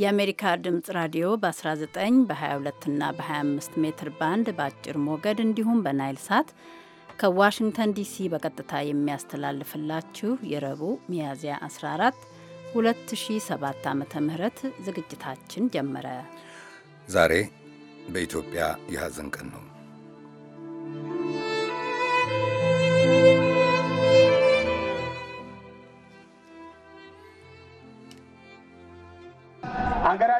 የአሜሪካ ድምፅ ራዲዮ በ19 በ22 እና በ25 ሜትር ባንድ በአጭር ሞገድ እንዲሁም በናይል ሳት ከዋሽንግተን ዲሲ በቀጥታ የሚያስተላልፍላችሁ የረቡዕ ሚያዝያ 14 2007 ዓ ም ዝግጅታችን ጀመረ። ዛሬ በኢትዮጵያ የሐዘን ቀን ነው።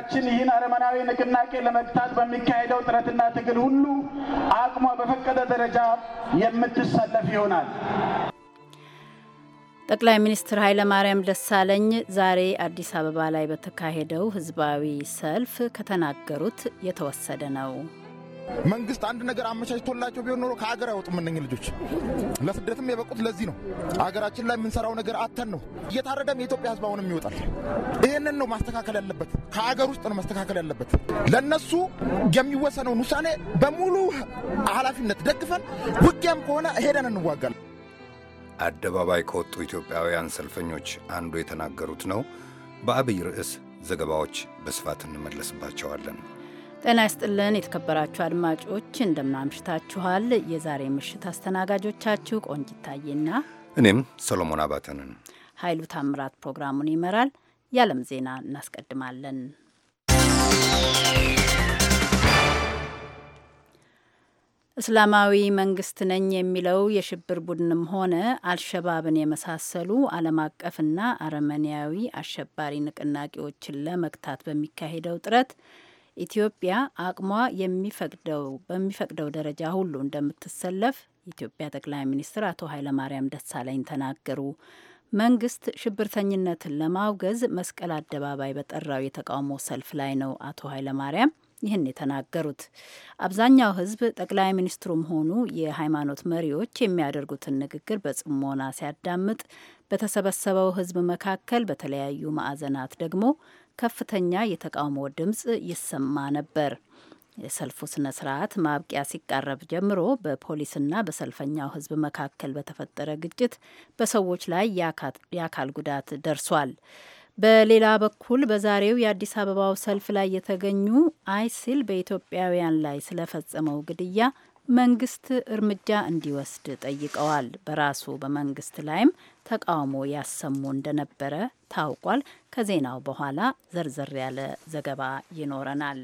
ሀገራችን ይህን አረመናዊ ንቅናቄ ለመግታት በሚካሄደው ጥረትና ትግል ሁሉ አቅሟ በፈቀደ ደረጃ የምትሰለፍ ይሆናል። ጠቅላይ ሚኒስትር ኃይለማርያም ደሳለኝ ዛሬ አዲስ አበባ ላይ በተካሄደው ህዝባዊ ሰልፍ ከተናገሩት የተወሰደ ነው። መንግስት አንድ ነገር አመቻችቶላቸው ቢሆን ኖሮ ከሀገር አይወጡም እነኝ ልጆች። ለስደትም የበቁት ለዚህ ነው። አገራችን ላይ የምንሰራው ነገር አተን ነው። እየታረደም የኢትዮጵያ ህዝብ አሁንም ይወጣል። ይህንን ነው ማስተካከል ያለበት። ከሀገር ውስጥ ነው ማስተካከል ያለበት። ለእነሱ የሚወሰነውን ውሳኔ በሙሉ ኃላፊነት ደግፈን ውጊያም ከሆነ ሄደን እንዋጋለን። አደባባይ ከወጡ ኢትዮጵያውያን ሰልፈኞች አንዱ የተናገሩት ነው። በአብይ ርዕስ ዘገባዎች በስፋት እንመለስባቸዋለን። ጤና ይስጥልን የተከበራችሁ አድማጮች እንደምናምሽታችኋል። የዛሬ ምሽት አስተናጋጆቻችሁ ቆንጅታዬና እኔም ሰሎሞን አባተንን። ኃይሉ ታምራት ፕሮግራሙን ይመራል። የዓለም ዜና እናስቀድማለን። እስላማዊ መንግስት ነኝ የሚለው የሽብር ቡድንም ሆነ አልሸባብን የመሳሰሉ ዓለም አቀፍና አረመኔያዊ አሸባሪ ንቅናቄዎችን ለመግታት በሚካሄደው ጥረት ኢትዮጵያ አቅሟ የሚፈቅደው በሚፈቅደው ደረጃ ሁሉ እንደምትሰለፍ የኢትዮጵያ ጠቅላይ ሚኒስትር አቶ ኃይለማርያም ደሳለኝ ተናገሩ። መንግስት ሽብርተኝነትን ለማውገዝ መስቀል አደባባይ በጠራው የተቃውሞ ሰልፍ ላይ ነው አቶ ኃይለማርያም ይህን የተናገሩት። አብዛኛው ህዝብ ጠቅላይ ሚኒስትሩም ሆኑ የሃይማኖት መሪዎች የሚያደርጉትን ንግግር በጽሞና ሲያዳምጥ፣ በተሰበሰበው ህዝብ መካከል በተለያዩ ማዕዘናት ደግሞ ከፍተኛ የተቃውሞ ድምፅ ይሰማ ነበር። የሰልፉ ስነ ስርዓት ማብቂያ ሲቃረብ ጀምሮ በፖሊስና በሰልፈኛው ህዝብ መካከል በተፈጠረ ግጭት በሰዎች ላይ የአካል ጉዳት ደርሷል። በሌላ በኩል በዛሬው የአዲስ አበባው ሰልፍ ላይ የተገኙ አይሲል በኢትዮጵያውያን ላይ ስለፈጸመው ግድያ መንግስት እርምጃ እንዲወስድ ጠይቀዋል። በራሱ በመንግስት ላይም ተቃውሞ ያሰሙ እንደነበረ ታውቋል። ከዜናው በኋላ ዘርዘር ያለ ዘገባ ይኖረናል።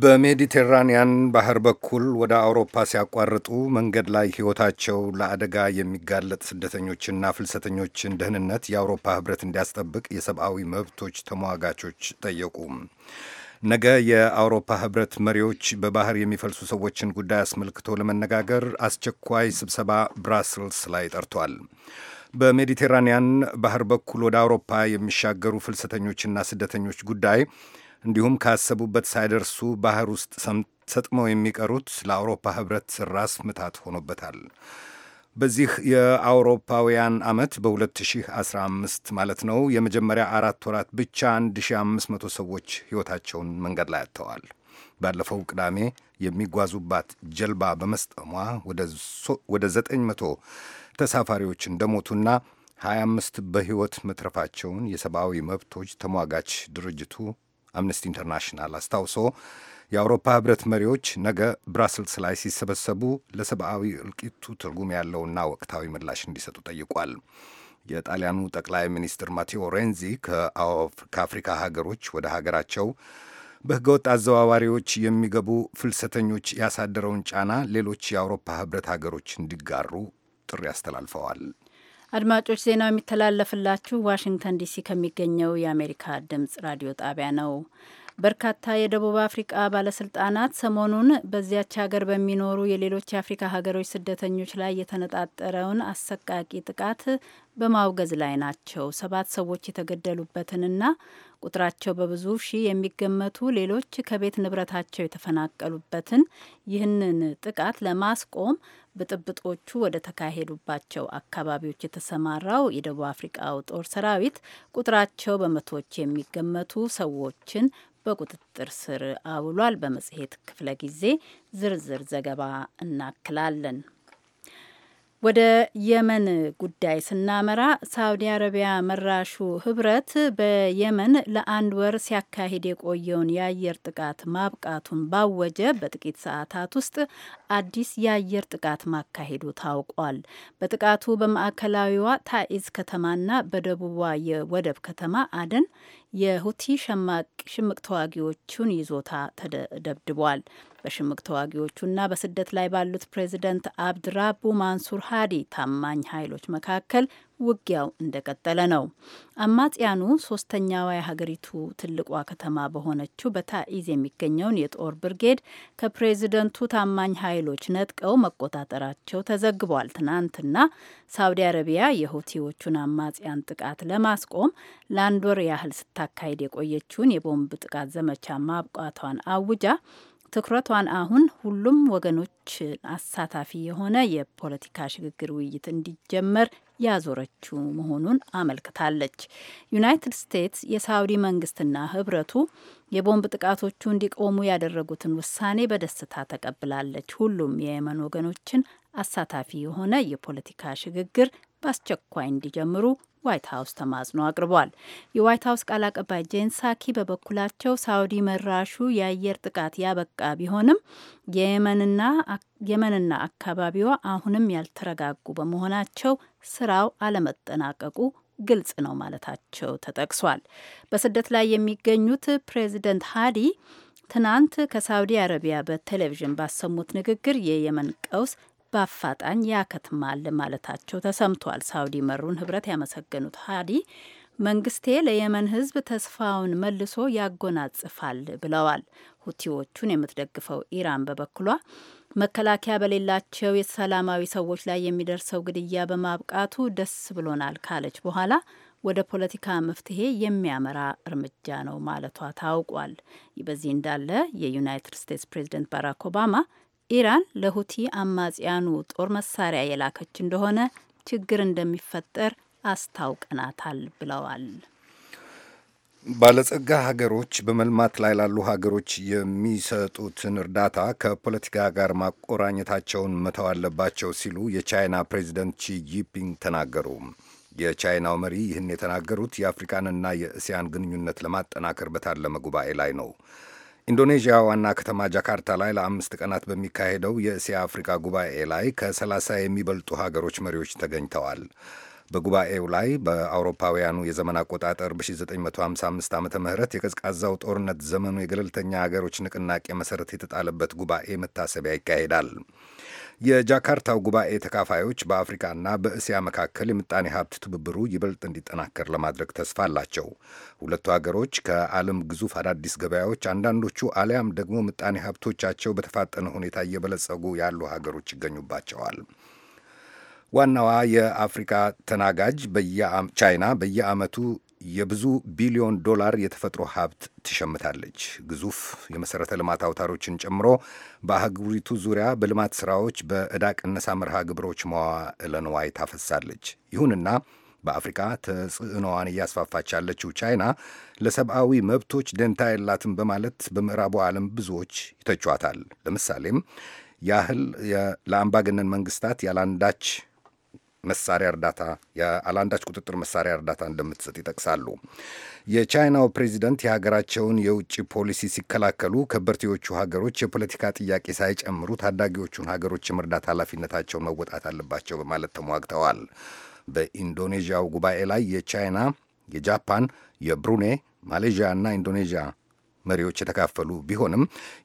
በሜዲቴራንያን ባህር በኩል ወደ አውሮፓ ሲያቋርጡ መንገድ ላይ ሕይወታቸው ለአደጋ የሚጋለጥ ስደተኞችና ፍልሰተኞችን ደህንነት የአውሮፓ ሕብረት እንዲያስጠብቅ የሰብአዊ መብቶች ተሟጋቾች ጠየቁ። ነገ የአውሮፓ ህብረት መሪዎች በባህር የሚፈልሱ ሰዎችን ጉዳይ አስመልክቶ ለመነጋገር አስቸኳይ ስብሰባ ብራስልስ ላይ ጠርቷል። በሜዲቴራንያን ባህር በኩል ወደ አውሮፓ የሚሻገሩ ፍልሰተኞችና ስደተኞች ጉዳይ እንዲሁም ካሰቡበት ሳይደርሱ ባህር ውስጥ ሰጥመው የሚቀሩት ለአውሮፓ ህብረት ራስ ምታት ሆኖበታል። በዚህ የአውሮፓውያን ዓመት በ2015 ማለት ነው የመጀመሪያ አራት ወራት ብቻ 1500 ሰዎች ሕይወታቸውን መንገድ ላይ አጥተዋል። ባለፈው ቅዳሜ የሚጓዙባት ጀልባ በመስጠሟ ወደ 900 ተሳፋሪዎች እንደሞቱና 25 በሕይወት መትረፋቸውን የሰብአዊ መብቶች ተሟጋች ድርጅቱ አምነስቲ ኢንተርናሽናል አስታውሶ የአውሮፓ ህብረት መሪዎች ነገ ብራስልስ ላይ ሲሰበሰቡ ለሰብአዊ እልቂቱ ትርጉም ያለውና ወቅታዊ ምላሽ እንዲሰጡ ጠይቋል። የጣሊያኑ ጠቅላይ ሚኒስትር ማቴዎ ሬንዚ ከአፍሪካ ሀገሮች ወደ ሀገራቸው በህገወጥ አዘዋዋሪዎች የሚገቡ ፍልሰተኞች ያሳደረውን ጫና ሌሎች የአውሮፓ ህብረት ሀገሮች እንዲጋሩ ጥሪ አስተላልፈዋል። አድማጮች ዜናው የሚተላለፍላችሁ ዋሽንግተን ዲሲ ከሚገኘው የአሜሪካ ድምጽ ራዲዮ ጣቢያ ነው። በርካታ የደቡብ አፍሪቃ ባለስልጣናት ሰሞኑን በዚያች ሀገር በሚኖሩ የሌሎች የአፍሪካ ሀገሮች ስደተኞች ላይ የተነጣጠረውን አሰቃቂ ጥቃት በማውገዝ ላይ ናቸው። ሰባት ሰዎች የተገደሉበትንና ቁጥራቸው በብዙ ሺህ የሚገመቱ ሌሎች ከቤት ንብረታቸው የተፈናቀሉበትን ይህንን ጥቃት ለማስቆም ብጥብጦቹ ወደ ተካሄዱባቸው አካባቢዎች የተሰማራው የደቡብ አፍሪቃው ጦር ሰራዊት ቁጥራቸው በመቶዎች የሚገመቱ ሰዎችን በቁጥጥር ስር አውሏል። በመጽሔት ክፍለ ጊዜ ዝርዝር ዘገባ እናክላለን። ወደ የመን ጉዳይ ስናመራ ሳውዲ አረቢያ መራሹ ህብረት በየመን ለአንድ ወር ሲያካሂድ የቆየውን የአየር ጥቃት ማብቃቱን ባወጀ በጥቂት ሰዓታት ውስጥ አዲስ የአየር ጥቃት ማካሄዱ ታውቋል። በጥቃቱ በማዕከላዊዋ ታኢዝ ከተማና በደቡቧ የወደብ ከተማ አደን የሁቲ ሽምቅ ተዋጊዎቹን ይዞታ ተደብድቧል። በሽምቅ ተዋጊዎቹና በስደት ላይ ባሉት ፕሬዚደንት አብድራቡ ማንሱር ሃዲ ታማኝ ኃይሎች መካከል ውጊያው እንደቀጠለ ነው። አማጽያኑ ሶስተኛዋ የሀገሪቱ ትልቋ ከተማ በሆነችው በታኢዝ የሚገኘውን የጦር ብርጌድ ከፕሬዚደንቱ ታማኝ ኃይሎች ነጥቀው መቆጣጠራቸው ተዘግቧል። ትናንትና ሳውዲ አረቢያ የሁቲዎቹን አማጽያን ጥቃት ለማስቆም ለአንድ ወር ያህል ስታካሄድ የቆየችውን የቦምብ ጥቃት ዘመቻ ማብቃቷን አውጃ ትኩረቷን አሁን ሁሉም ወገኖች አሳታፊ የሆነ የፖለቲካ ሽግግር ውይይት እንዲጀመር ያዞረችው መሆኑን አመልክታለች። ዩናይትድ ስቴትስ የሳውዲ መንግስትና ህብረቱ የቦምብ ጥቃቶቹ እንዲቆሙ ያደረጉትን ውሳኔ በደስታ ተቀብላለች። ሁሉም የየመን ወገኖችን አሳታፊ የሆነ የፖለቲካ ሽግግር በአስቸኳይ እንዲጀምሩ ዋይት ሀውስ ተማጽኖ አቅርቧል። የዋይት ሀውስ ቃል አቀባይ ጄን ሳኪ በበኩላቸው ሳውዲ መራሹ የአየር ጥቃት ያበቃ ቢሆንም የየመንና የመንና አካባቢዋ አሁንም ያልተረጋጉ በመሆናቸው ስራው አለመጠናቀቁ ግልጽ ነው ማለታቸው ተጠቅሷል። በስደት ላይ የሚገኙት ፕሬዚደንት ሃዲ ትናንት ከሳውዲ አረቢያ በቴሌቪዥን ባሰሙት ንግግር የየመን ቀውስ በአፋጣኝ ያከትማል ማለታቸው ተሰምቷል። ሳውዲ መሩን ህብረት ያመሰገኑት ሀዲ መንግስቴ ለየመን ህዝብ ተስፋውን መልሶ ያጎናጽፋል ብለዋል። ሁቲዎቹን የምትደግፈው ኢራን በበኩሏ መከላከያ በሌላቸው የሰላማዊ ሰዎች ላይ የሚደርሰው ግድያ በማብቃቱ ደስ ብሎናል ካለች በኋላ ወደ ፖለቲካ መፍትሄ የሚያመራ እርምጃ ነው ማለቷ ታውቋል። በዚህ እንዳለ የዩናይትድ ስቴትስ ፕሬዚደንት ባራክ ኦባማ ኢራን ለሁቲ አማጽያኑ ጦር መሳሪያ የላከች እንደሆነ ችግር እንደሚፈጠር አስታውቀናታል ብለዋል። ባለጸጋ ሀገሮች በመልማት ላይ ላሉ ሀገሮች የሚሰጡትን እርዳታ ከፖለቲካ ጋር ማቆራኘታቸውን መተው አለባቸው ሲሉ የቻይና ፕሬዚደንት ቺጂፒንግ ጂንፒንግ ተናገሩ። የቻይናው መሪ ይህን የተናገሩት የአፍሪካንና የእስያን ግንኙነት ለማጠናከር በታለመ ጉባኤ ላይ ነው። ኢንዶኔዥያ ዋና ከተማ ጃካርታ ላይ ለአምስት ቀናት በሚካሄደው የእስያ አፍሪካ ጉባኤ ላይ ከሰላሳ የሚበልጡ ሀገሮች መሪዎች ተገኝተዋል። በጉባኤው ላይ በአውሮፓውያኑ የዘመን አቆጣጠር በ1955 ዓ ም የቀዝቃዛው ጦርነት ዘመኑ የገለልተኛ ሀገሮች ንቅናቄ መሠረት የተጣለበት ጉባኤ መታሰቢያ ይካሄዳል። የጃካርታው ጉባኤ ተካፋዮች በአፍሪካና በእስያ መካከል የምጣኔ ሀብት ትብብሩ ይበልጥ እንዲጠናከር ለማድረግ ተስፋ አላቸው። ሁለቱ ሀገሮች ከዓለም ግዙፍ አዳዲስ ገበያዎች አንዳንዶቹ አሊያም ደግሞ ምጣኔ ሀብቶቻቸው በተፋጠነ ሁኔታ እየበለጸጉ ያሉ ሀገሮች ይገኙባቸዋል። ዋናዋ የአፍሪካ ተናጋጅ ቻይና በየዓመቱ የብዙ ቢሊዮን ዶላር የተፈጥሮ ሀብት ትሸምታለች። ግዙፍ የመሠረተ ልማት አውታሮችን ጨምሮ በአህጉሪቱ ዙሪያ በልማት ሥራዎች፣ በዕዳ ቅነሳ መርሃ ግብሮች መዋዕለ ንዋይ ታፈሳለች። ይሁንና በአፍሪካ ተጽዕኖዋን እያስፋፋች ያለችው ቻይና ለሰብአዊ መብቶች ደንታ የላትም በማለት በምዕራቡ ዓለም ብዙዎች ይተቿታል። ለምሳሌም ያህል ለአምባገነን መንግስታት ያላንዳች መሳሪያ እርዳታ ያለአንዳች ቁጥጥር መሳሪያ እርዳታ እንደምትሰጥ ይጠቅሳሉ። የቻይናው ፕሬዚደንት የሀገራቸውን የውጭ ፖሊሲ ሲከላከሉ ከበርቴዎቹ ሀገሮች የፖለቲካ ጥያቄ ሳይጨምሩ ታዳጊዎቹን ሀገሮች የመርዳት ኃላፊነታቸውን መወጣት አለባቸው በማለት ተሟግተዋል። በኢንዶኔዥያው ጉባኤ ላይ የቻይና፣ የጃፓን፣ የብሩኔ፣ ማሌዥያ እና ኢንዶኔዥያ መሪዎች የተካፈሉ ቢሆንም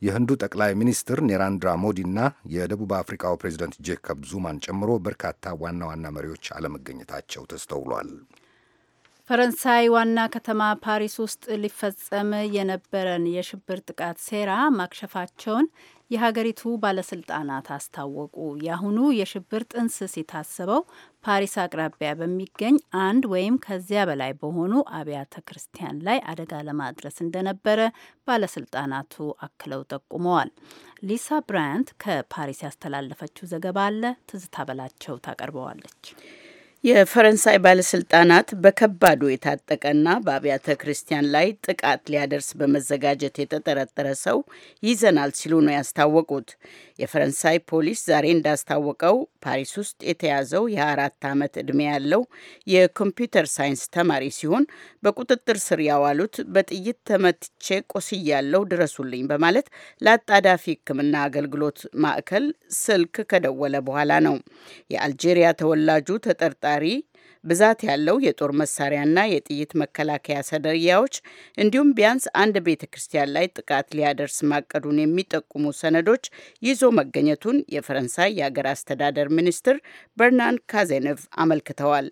የህንዱ ጠቅላይ ሚኒስትር ኔራንድራ ሞዲና የደቡብ አፍሪካው ፕሬዚደንት ጄኮብ ዙማን ጨምሮ በርካታ ዋና ዋና መሪዎች አለመገኘታቸው ተስተውሏል። ፈረንሳይ ዋና ከተማ ፓሪስ ውስጥ ሊፈጸም የነበረን የሽብር ጥቃት ሴራ ማክሸፋቸውን የሀገሪቱ ባለስልጣናት አስታወቁ። የአሁኑ የሽብር ጥንስስ የታሰበው ፓሪስ አቅራቢያ በሚገኝ አንድ ወይም ከዚያ በላይ በሆኑ አብያተ ክርስቲያን ላይ አደጋ ለማድረስ እንደነበረ ባለስልጣናቱ አክለው ጠቁመዋል። ሊሳ ብራያንት ከፓሪስ ያስተላለፈችው ዘገባ አለ። ትዝታ በላቸው ታቀርበዋለች። የፈረንሳይ ባለስልጣናት በከባዱ የታጠቀና በአብያተ ክርስቲያን ላይ ጥቃት ሊያደርስ በመዘጋጀት የተጠረጠረ ሰው ይዘናል ሲሉ ነው ያስታወቁት። የፈረንሳይ ፖሊስ ዛሬ እንዳስታወቀው ፓሪስ ውስጥ የተያዘው የአራት ዓመት ዕድሜ ያለው የኮምፒውተር ሳይንስ ተማሪ ሲሆን በቁጥጥር ስር ያዋሉት በጥይት ተመትቼ ቆስያለው ድረሱልኝ በማለት ለአጣዳፊ ሕክምና አገልግሎት ማዕከል ስልክ ከደወለ በኋላ ነው። የአልጄሪያ ተወላጁ ተጠርጣ ተቆጣጣሪ ብዛት ያለው የጦር መሳሪያና የጥይት መከላከያ ሰደያዎች እንዲሁም ቢያንስ አንድ ቤተ ክርስቲያን ላይ ጥቃት ሊያደርስ ማቀዱን የሚጠቁሙ ሰነዶች ይዞ መገኘቱን የፈረንሳይ የአገር አስተዳደር ሚኒስትር በርናን ካዜንቭ አመልክተዋል።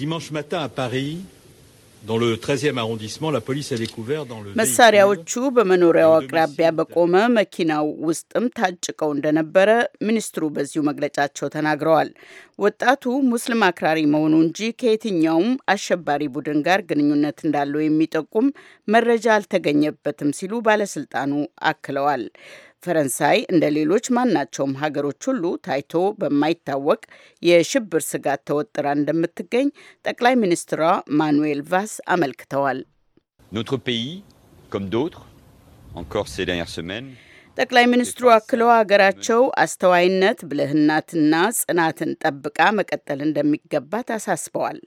ዲማንሽ ማታ ፓሪስ መሳሪያዎቹ በመኖሪያው አቅራቢያ በቆመ መኪናው ውስጥም ታጭቀው እንደነበረ ሚኒስትሩ በዚሁ መግለጫቸው ተናግረዋል። ወጣቱ ሙስሊም አክራሪ መሆኑ እንጂ ከየትኛውም አሸባሪ ቡድን ጋር ግንኙነት እንዳለው የሚጠቁም መረጃ አልተገኘበትም ሲሉ ባለስልጣኑ አክለዋል። ፈረንሳይ እንደ ሌሎች ማናቸውም ሀገሮች ሁሉ ታይቶ በማይታወቅ የሽብር ስጋት ተወጥራ እንደምትገኝ ጠቅላይ ሚኒስትሯ ማኑኤል ቫስ አመልክተዋል። ጠቅላይ ሚኒስትሩ አክለው ሀገራቸው አስተዋይነት፣ ብልህነትና ጽናትን ጠብቃ መቀጠል እንደሚገባት አሳስበዋል።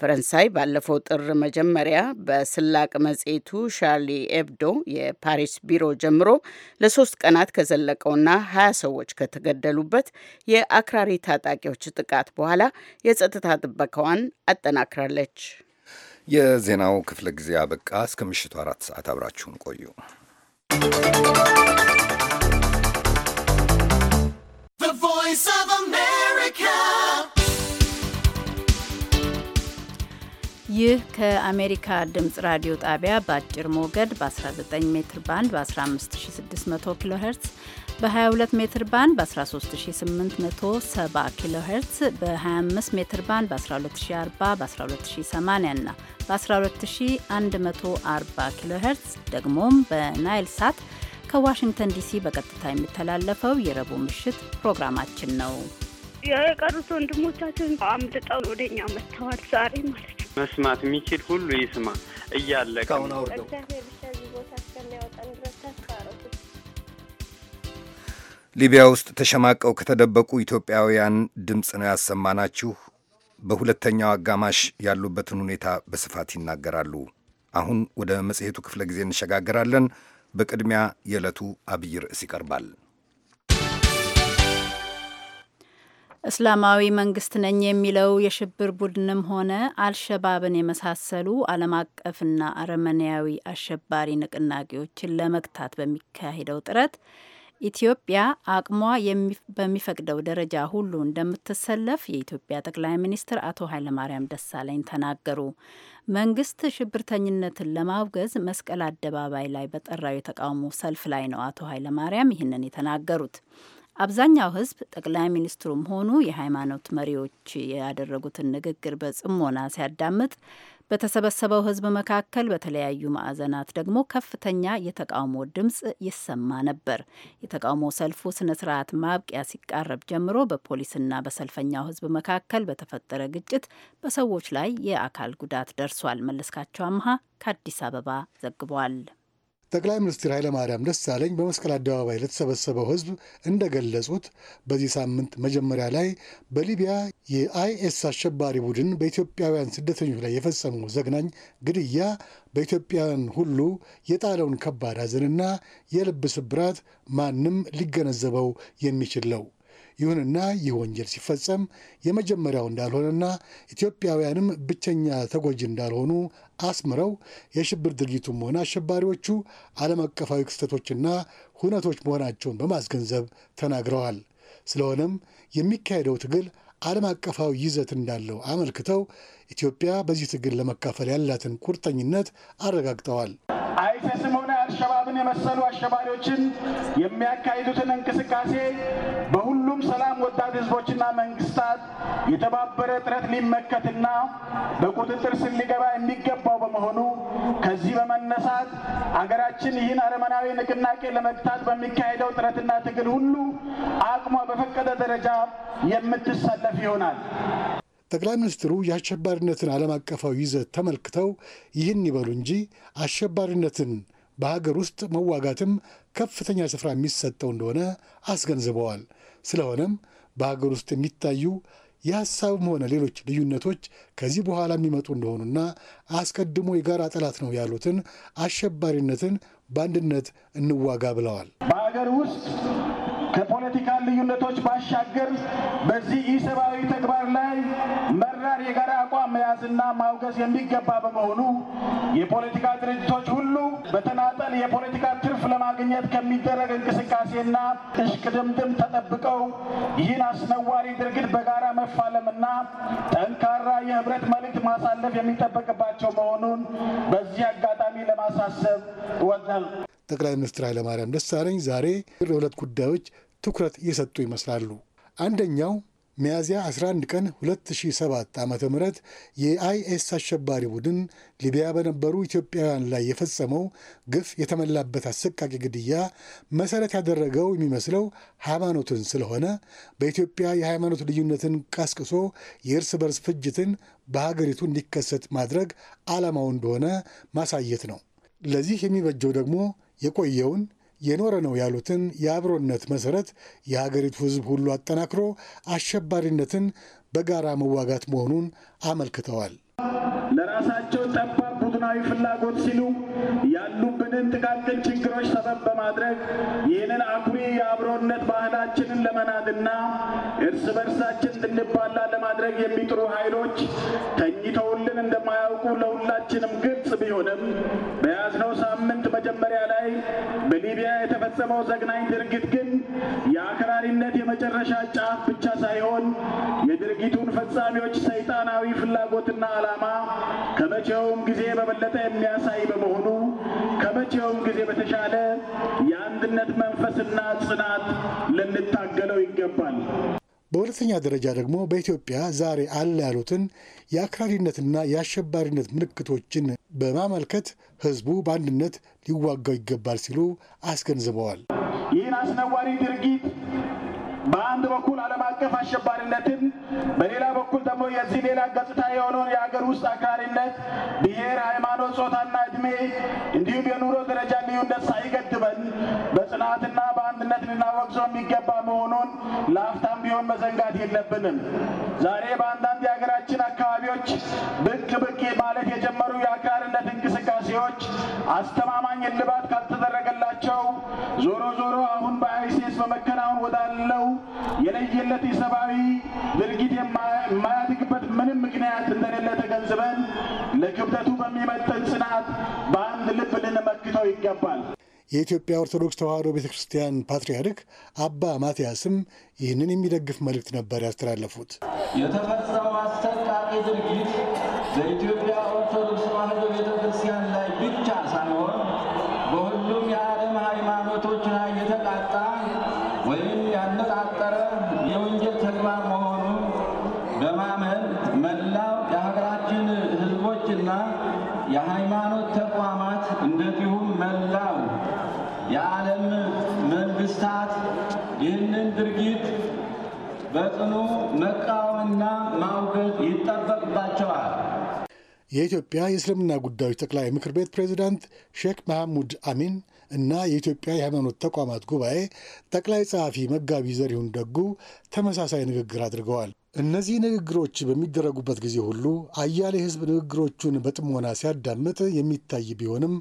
ፈረንሳይ ባለፈው ጥር መጀመሪያ በስላቅ መጽሔቱ ሻርሊ ኤብዶ የፓሪስ ቢሮ ጀምሮ ለሶስት ቀናት ከዘለቀውና ሀያ ሰዎች ከተገደሉበት የአክራሪ ታጣቂዎች ጥቃት በኋላ የጸጥታ ጥበቃዋን አጠናክራለች። የዜናው ክፍለ ጊዜ አበቃ። እስከ ምሽቱ አራት ሰዓት አብራችሁን ቆዩ። ይህ ከአሜሪካ ድምፅ ራዲዮ ጣቢያ በአጭር ሞገድ በ19 ሜትር ባንድ በ15600 ኪሎ ሄርትስ በ22 ሜትር ባንድ በ13870 ኪሎ ሄርትስ በ25 ሜትር ባንድ በ12040 በ12080 እና በ12140 ኪሎ ሄርትስ ደግሞም በናይል ሳት ከዋሽንግተን ዲሲ በቀጥታ የሚተላለፈው የረቡዕ ምሽት ፕሮግራማችን ነው። የቀሩት ወንድሞቻችን አምልጠው ወደኛ መጥተዋል ዛሬ ማለት ነው። መስማት የሚችል ሁሉ ይስማ። እያለቀ ሊቢያ ውስጥ ተሸማቀው ከተደበቁ ኢትዮጵያውያን ድምፅ ነው ያሰማናችሁ። በሁለተኛው አጋማሽ ያሉበትን ሁኔታ በስፋት ይናገራሉ። አሁን ወደ መጽሔቱ ክፍለ ጊዜ እንሸጋገራለን። በቅድሚያ የዕለቱ አብይ ርዕስ ይቀርባል። እስላማዊ መንግስት ነኝ የሚለው የሽብር ቡድንም ሆነ አልሸባብን የመሳሰሉ ዓለም አቀፍና አረመኔያዊ አሸባሪ ንቅናቄዎችን ለመግታት በሚካሄደው ጥረት ኢትዮጵያ አቅሟ በሚፈቅደው ደረጃ ሁሉ እንደምትሰለፍ የኢትዮጵያ ጠቅላይ ሚኒስትር አቶ ኃይለማርያም ደሳለኝ ተናገሩ። መንግስት ሽብርተኝነትን ለማውገዝ መስቀል አደባባይ ላይ በጠራው የተቃውሞ ሰልፍ ላይ ነው አቶ ኃይለማርያም ይህንን የተናገሩት። አብዛኛው ሕዝብ ጠቅላይ ሚኒስትሩም ሆኑ የሃይማኖት መሪዎች ያደረጉትን ንግግር በጽሞና ሲያዳምጥ፣ በተሰበሰበው ህዝብ መካከል በተለያዩ ማዕዘናት ደግሞ ከፍተኛ የተቃውሞ ድምፅ ይሰማ ነበር። የተቃውሞ ሰልፉ ስነ ስርዓት ማብቂያ ሲቃረብ ጀምሮ በፖሊስና በሰልፈኛው ህዝብ መካከል በተፈጠረ ግጭት በሰዎች ላይ የአካል ጉዳት ደርሷል። መለስካቸው አምሃ ከአዲስ አበባ ዘግቧል። ጠቅላይ ሚኒስትር ኃይለማርያም ደሳለኝ በመስቀል አደባባይ ለተሰበሰበው ሕዝብ እንደገለጹት በዚህ ሳምንት መጀመሪያ ላይ በሊቢያ የአይኤስ አሸባሪ ቡድን በኢትዮጵያውያን ስደተኞች ላይ የፈጸመው ዘግናኝ ግድያ በኢትዮጵያውያን ሁሉ የጣለውን ከባድ ሐዘንና የልብ ስብራት ማንም ሊገነዘበው የሚችል ነው። ይሁንና ይህ ወንጀል ሲፈጸም የመጀመሪያው እንዳልሆነና ኢትዮጵያውያንም ብቸኛ ተጎጂ እንዳልሆኑ አስምረው የሽብር ድርጊቱም ሆነ አሸባሪዎቹ ዓለም አቀፋዊ ክስተቶችና ሁነቶች መሆናቸውን በማስገንዘብ ተናግረዋል። ስለሆነም የሚካሄደው ትግል ዓለም አቀፋዊ ይዘት እንዳለው አመልክተው ኢትዮጵያ በዚህ ትግል ለመካፈል ያላትን ቁርጠኝነት አረጋግጠዋል። አይተስሙን አልሸባብን የመሰሉ አሸባሪዎችን የሚያካሂዱትን እንቅስቃሴ በሁሉም ሰላም ወዳድ ህዝቦችና መንግስታት የተባበረ ጥረት ሊመከትና በቁጥጥር ስር ሊገባ የሚገባው በመሆኑ ከዚህ በመነሳት አገራችን ይህን አረመናዊ ንቅናቄ ለመግታት በሚካሄደው ጥረትና ትግል ሁሉ አቅሟ በፈቀደ ደረጃ የምትሰለፍ ይሆናል። ጠቅላይ ሚኒስትሩ የአሸባሪነትን ዓለም አቀፋዊ ይዘት ተመልክተው ይህን ይበሉ እንጂ አሸባሪነትን በሀገር ውስጥ መዋጋትም ከፍተኛ ስፍራ የሚሰጠው እንደሆነ አስገንዝበዋል። ስለሆነም በሀገር ውስጥ የሚታዩ የሀሳብም ሆነ ሌሎች ልዩነቶች ከዚህ በኋላ የሚመጡ እንደሆኑና አስቀድሞ የጋራ ጠላት ነው ያሉትን አሸባሪነትን በአንድነት እንዋጋ ብለዋል። በሀገር ውስጥ ከፖለቲካ ልዩነቶች ባሻገር በዚህ ኢሰብአዊ ተግባር ላይ መራር የጋራ አቋም መያዝና ማውገዝ የሚገባ በመሆኑ የፖለቲካ ድርጅቶች ሁሉ በተናጠል የፖለቲካ ትርፍ ለማግኘት ከሚደረግ እንቅስቃሴና እሽቅድምድም ተጠብቀው ይህን አስነዋሪ ድርጊት በጋራ መፋለምና ጠንካራ የህብረት መልእክት ማሳለፍ የሚጠበቅባቸው መሆኑን በዚህ አጋጣሚ ለማሳሰብ እወዳለሁ። ጠቅላይ ሚኒስትር ኃይለማርያም ደሳለኝ ዛሬ ለሁለት ጉዳዮች ትኩረት እየሰጡ ይመስላሉ። አንደኛው ሚያዝያ 11 ቀን 2007 ዓ ም የአይኤስ አሸባሪ ቡድን ሊቢያ በነበሩ ኢትዮጵያውያን ላይ የፈጸመው ግፍ የተመላበት አሰቃቂ ግድያ መሠረት ያደረገው የሚመስለው ሃይማኖትን ስለሆነ በኢትዮጵያ የሃይማኖት ልዩነትን ቀስቅሶ የእርስ በርስ ፍጅትን በሀገሪቱ እንዲከሰት ማድረግ ዓላማው እንደሆነ ማሳየት ነው። ለዚህ የሚበጀው ደግሞ የቆየውን የኖረ ነው ያሉትን የአብሮነት መሰረት የሀገሪቱ ህዝብ ሁሉ አጠናክሮ አሸባሪነትን በጋራ መዋጋት መሆኑን አመልክተዋል። ለራሳቸው ጠባብ ቡድናዊ ፍላጎት ሲሉ ያሉብንን ጥቃቅን ችግሮች ሰበብ በማድረግ ይህንን አኩሪ የአብሮነት ባህላችንን ለመናድና እርስ በርሳችን እንድንባላ ለማድረግ የሚጥሩ ኃይሎች ተኝተውልን እንደማያውቁ ለሁላችንም ግልጽ ቢሆንም መጀመሪያ ላይ በሊቢያ የተፈጸመው ዘግናኝ ድርጊት ግን የአክራሪነት የመጨረሻ ጫፍ ብቻ ሳይሆን የድርጊቱን ፈጻሚዎች ሰይጣናዊ ፍላጎትና ዓላማ ከመቼውም ጊዜ በበለጠ የሚያሳይ በመሆኑ ከመቼውም ጊዜ በተሻለ የአንድነት መንፈስና ጽናት ልንታገለው ይገባል። በሁለተኛ ደረጃ ደግሞ በኢትዮጵያ ዛሬ አለ ያሉትን የአክራሪነትና የአሸባሪነት ምልክቶችን በማመልከት ህዝቡ በአንድነት ሊዋጋው ይገባል ሲሉ አስገንዝበዋል። ይህን አስነዋሪ ድርጊት በአንድ በኩል ዓለም አቀፍ አሸባሪነትን፣ በሌላ በኩል ደግሞ የዚህ ሌላ ገጽታ የሆነውን የሀገር ውስጥ አክራሪነት፣ ብሔር፣ ሃይማኖት፣ ጾታና እድሜ እንዲሁም የኑሮ ደረጃ ልዩነት ሳይገድበን በጽናትና በአንድነት ልናወግዘው የሚገባ መሆኑን ለአፍታም ቢሆን መዘንጋት የለብንም። ዛሬ በአንዳንድ የሀገራችን አካባቢዎች ብቅ ብቅ ማለት የጀመሩ የአክራሪነት እንቅስቃሴዎች አስተማማኝ እልባት ካልተደረገላቸው ዞሮ ዞሮ አሁን በአይሲስ በመከናወን ወዳለው የለየለት ሰብአዊ ድርጊት የማያድግበት ምንም ምክንያት እንደሌለ ተገንዝበን ለክብደቱ በሚመጥን ጽናት በአንድ ልብ ልንመክተው ይገባል። የኢትዮጵያ ኦርቶዶክስ ተዋሕዶ ቤተ ክርስቲያን ፓትርያርክ አባ ማትያስም ይህንን የሚደግፍ መልእክት ነበር ያስተላለፉት። የተፈጸመው አሰቃቂ ድርጊት በማመን መላው የሀገራችን ህዝቦችና የሃይማኖት ተቋማት እንደዚሁም መላው የዓለም መንግስታት ይህንን ድርጊት በጽኑ መቃወምና ማውገዝ ይጠበቅባቸዋል። የኢትዮጵያ የእስልምና ጉዳዮች ጠቅላይ ምክር ቤት ፕሬዚዳንት ሼክ መሐሙድ አሚን እና የኢትዮጵያ የሃይማኖት ተቋማት ጉባኤ ጠቅላይ ጸሐፊ መጋቢ ዘሪሁን ደጉ ተመሳሳይ ንግግር አድርገዋል። እነዚህ ንግግሮች በሚደረጉበት ጊዜ ሁሉ አያሌ ሕዝብ ንግግሮቹን በጥሞና ሲያዳምጥ የሚታይ ቢሆንም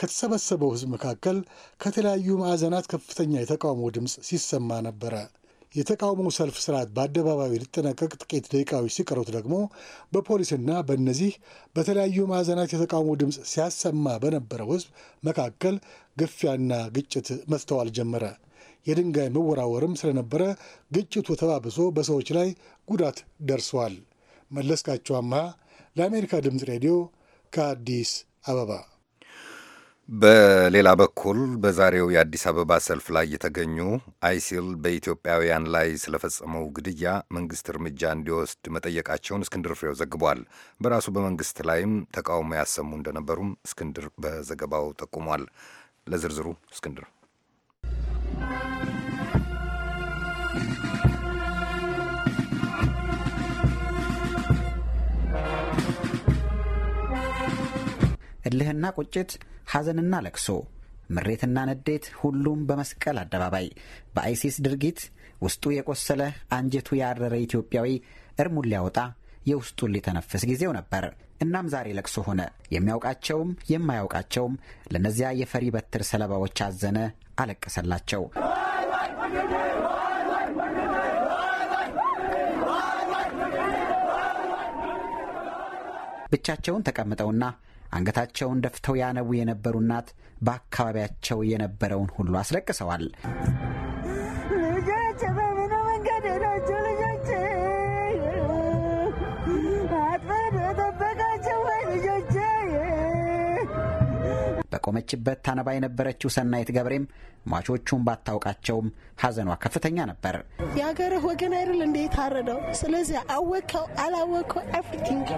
ከተሰበሰበው ሕዝብ መካከል ከተለያዩ ማዕዘናት ከፍተኛ የተቃውሞ ድምፅ ሲሰማ ነበረ። የተቃውሞ ሰልፍ ስርዓት በአደባባይ ሊጠናቀቅ ጥቂት ደቂቃዎች ሲቀሩት ደግሞ በፖሊስና በእነዚህ በተለያዩ ማዕዘናት የተቃውሞ ድምፅ ሲያሰማ በነበረው ሕዝብ መካከል ግፊያና ግጭት መስተዋል ጀመረ። የድንጋይ መወራወርም ስለነበረ ግጭቱ ተባብሶ በሰዎች ላይ ጉዳት ደርሷል። መለስካቸው አምሃ ለአሜሪካ ድምፅ ሬዲዮ ከአዲስ አበባ። በሌላ በኩል በዛሬው የአዲስ አበባ ሰልፍ ላይ የተገኙ አይሲል በኢትዮጵያውያን ላይ ስለፈጸመው ግድያ መንግስት እርምጃ እንዲወስድ መጠየቃቸውን እስክንድር ፍሬው ዘግቧል። በራሱ በመንግስት ላይም ተቃውሞ ያሰሙ እንደነበሩም እስክንድር በዘገባው ጠቁሟል። ለዝርዝሩ እስክንድር እልህና ቁጭት፣ ሐዘንና ለቅሶ፣ ምሬትና ንዴት፣ ሁሉም በመስቀል አደባባይ በአይሲስ ድርጊት ውስጡ የቆሰለ አንጀቱ ያረረ ኢትዮጵያዊ እርሙን ሊያወጣ የውስጡን ሊተነፍስ ጊዜው ነበር። እናም ዛሬ ለቅሶ ሆነ። የሚያውቃቸውም የማያውቃቸውም ለእነዚያ የፈሪ በትር ሰለባዎች አዘነ፣ አለቀሰላቸው። ብቻቸውን ተቀምጠውና አንገታቸውን ደፍተው ያነቡ የነበሩ እናት በአካባቢያቸው የነበረውን ሁሉ አስለቅሰዋል። በቆመችበት ታነባ የነበረችው ሰናይት ገብሬም ሟቾቹን ባታውቃቸውም ሀዘኗ ከፍተኛ ነበር። የሀገርህ ወገን አይደል እንደ የታረደው፣ ስለዚህ አወቀው አላወቀው ኤቭሪቲንግ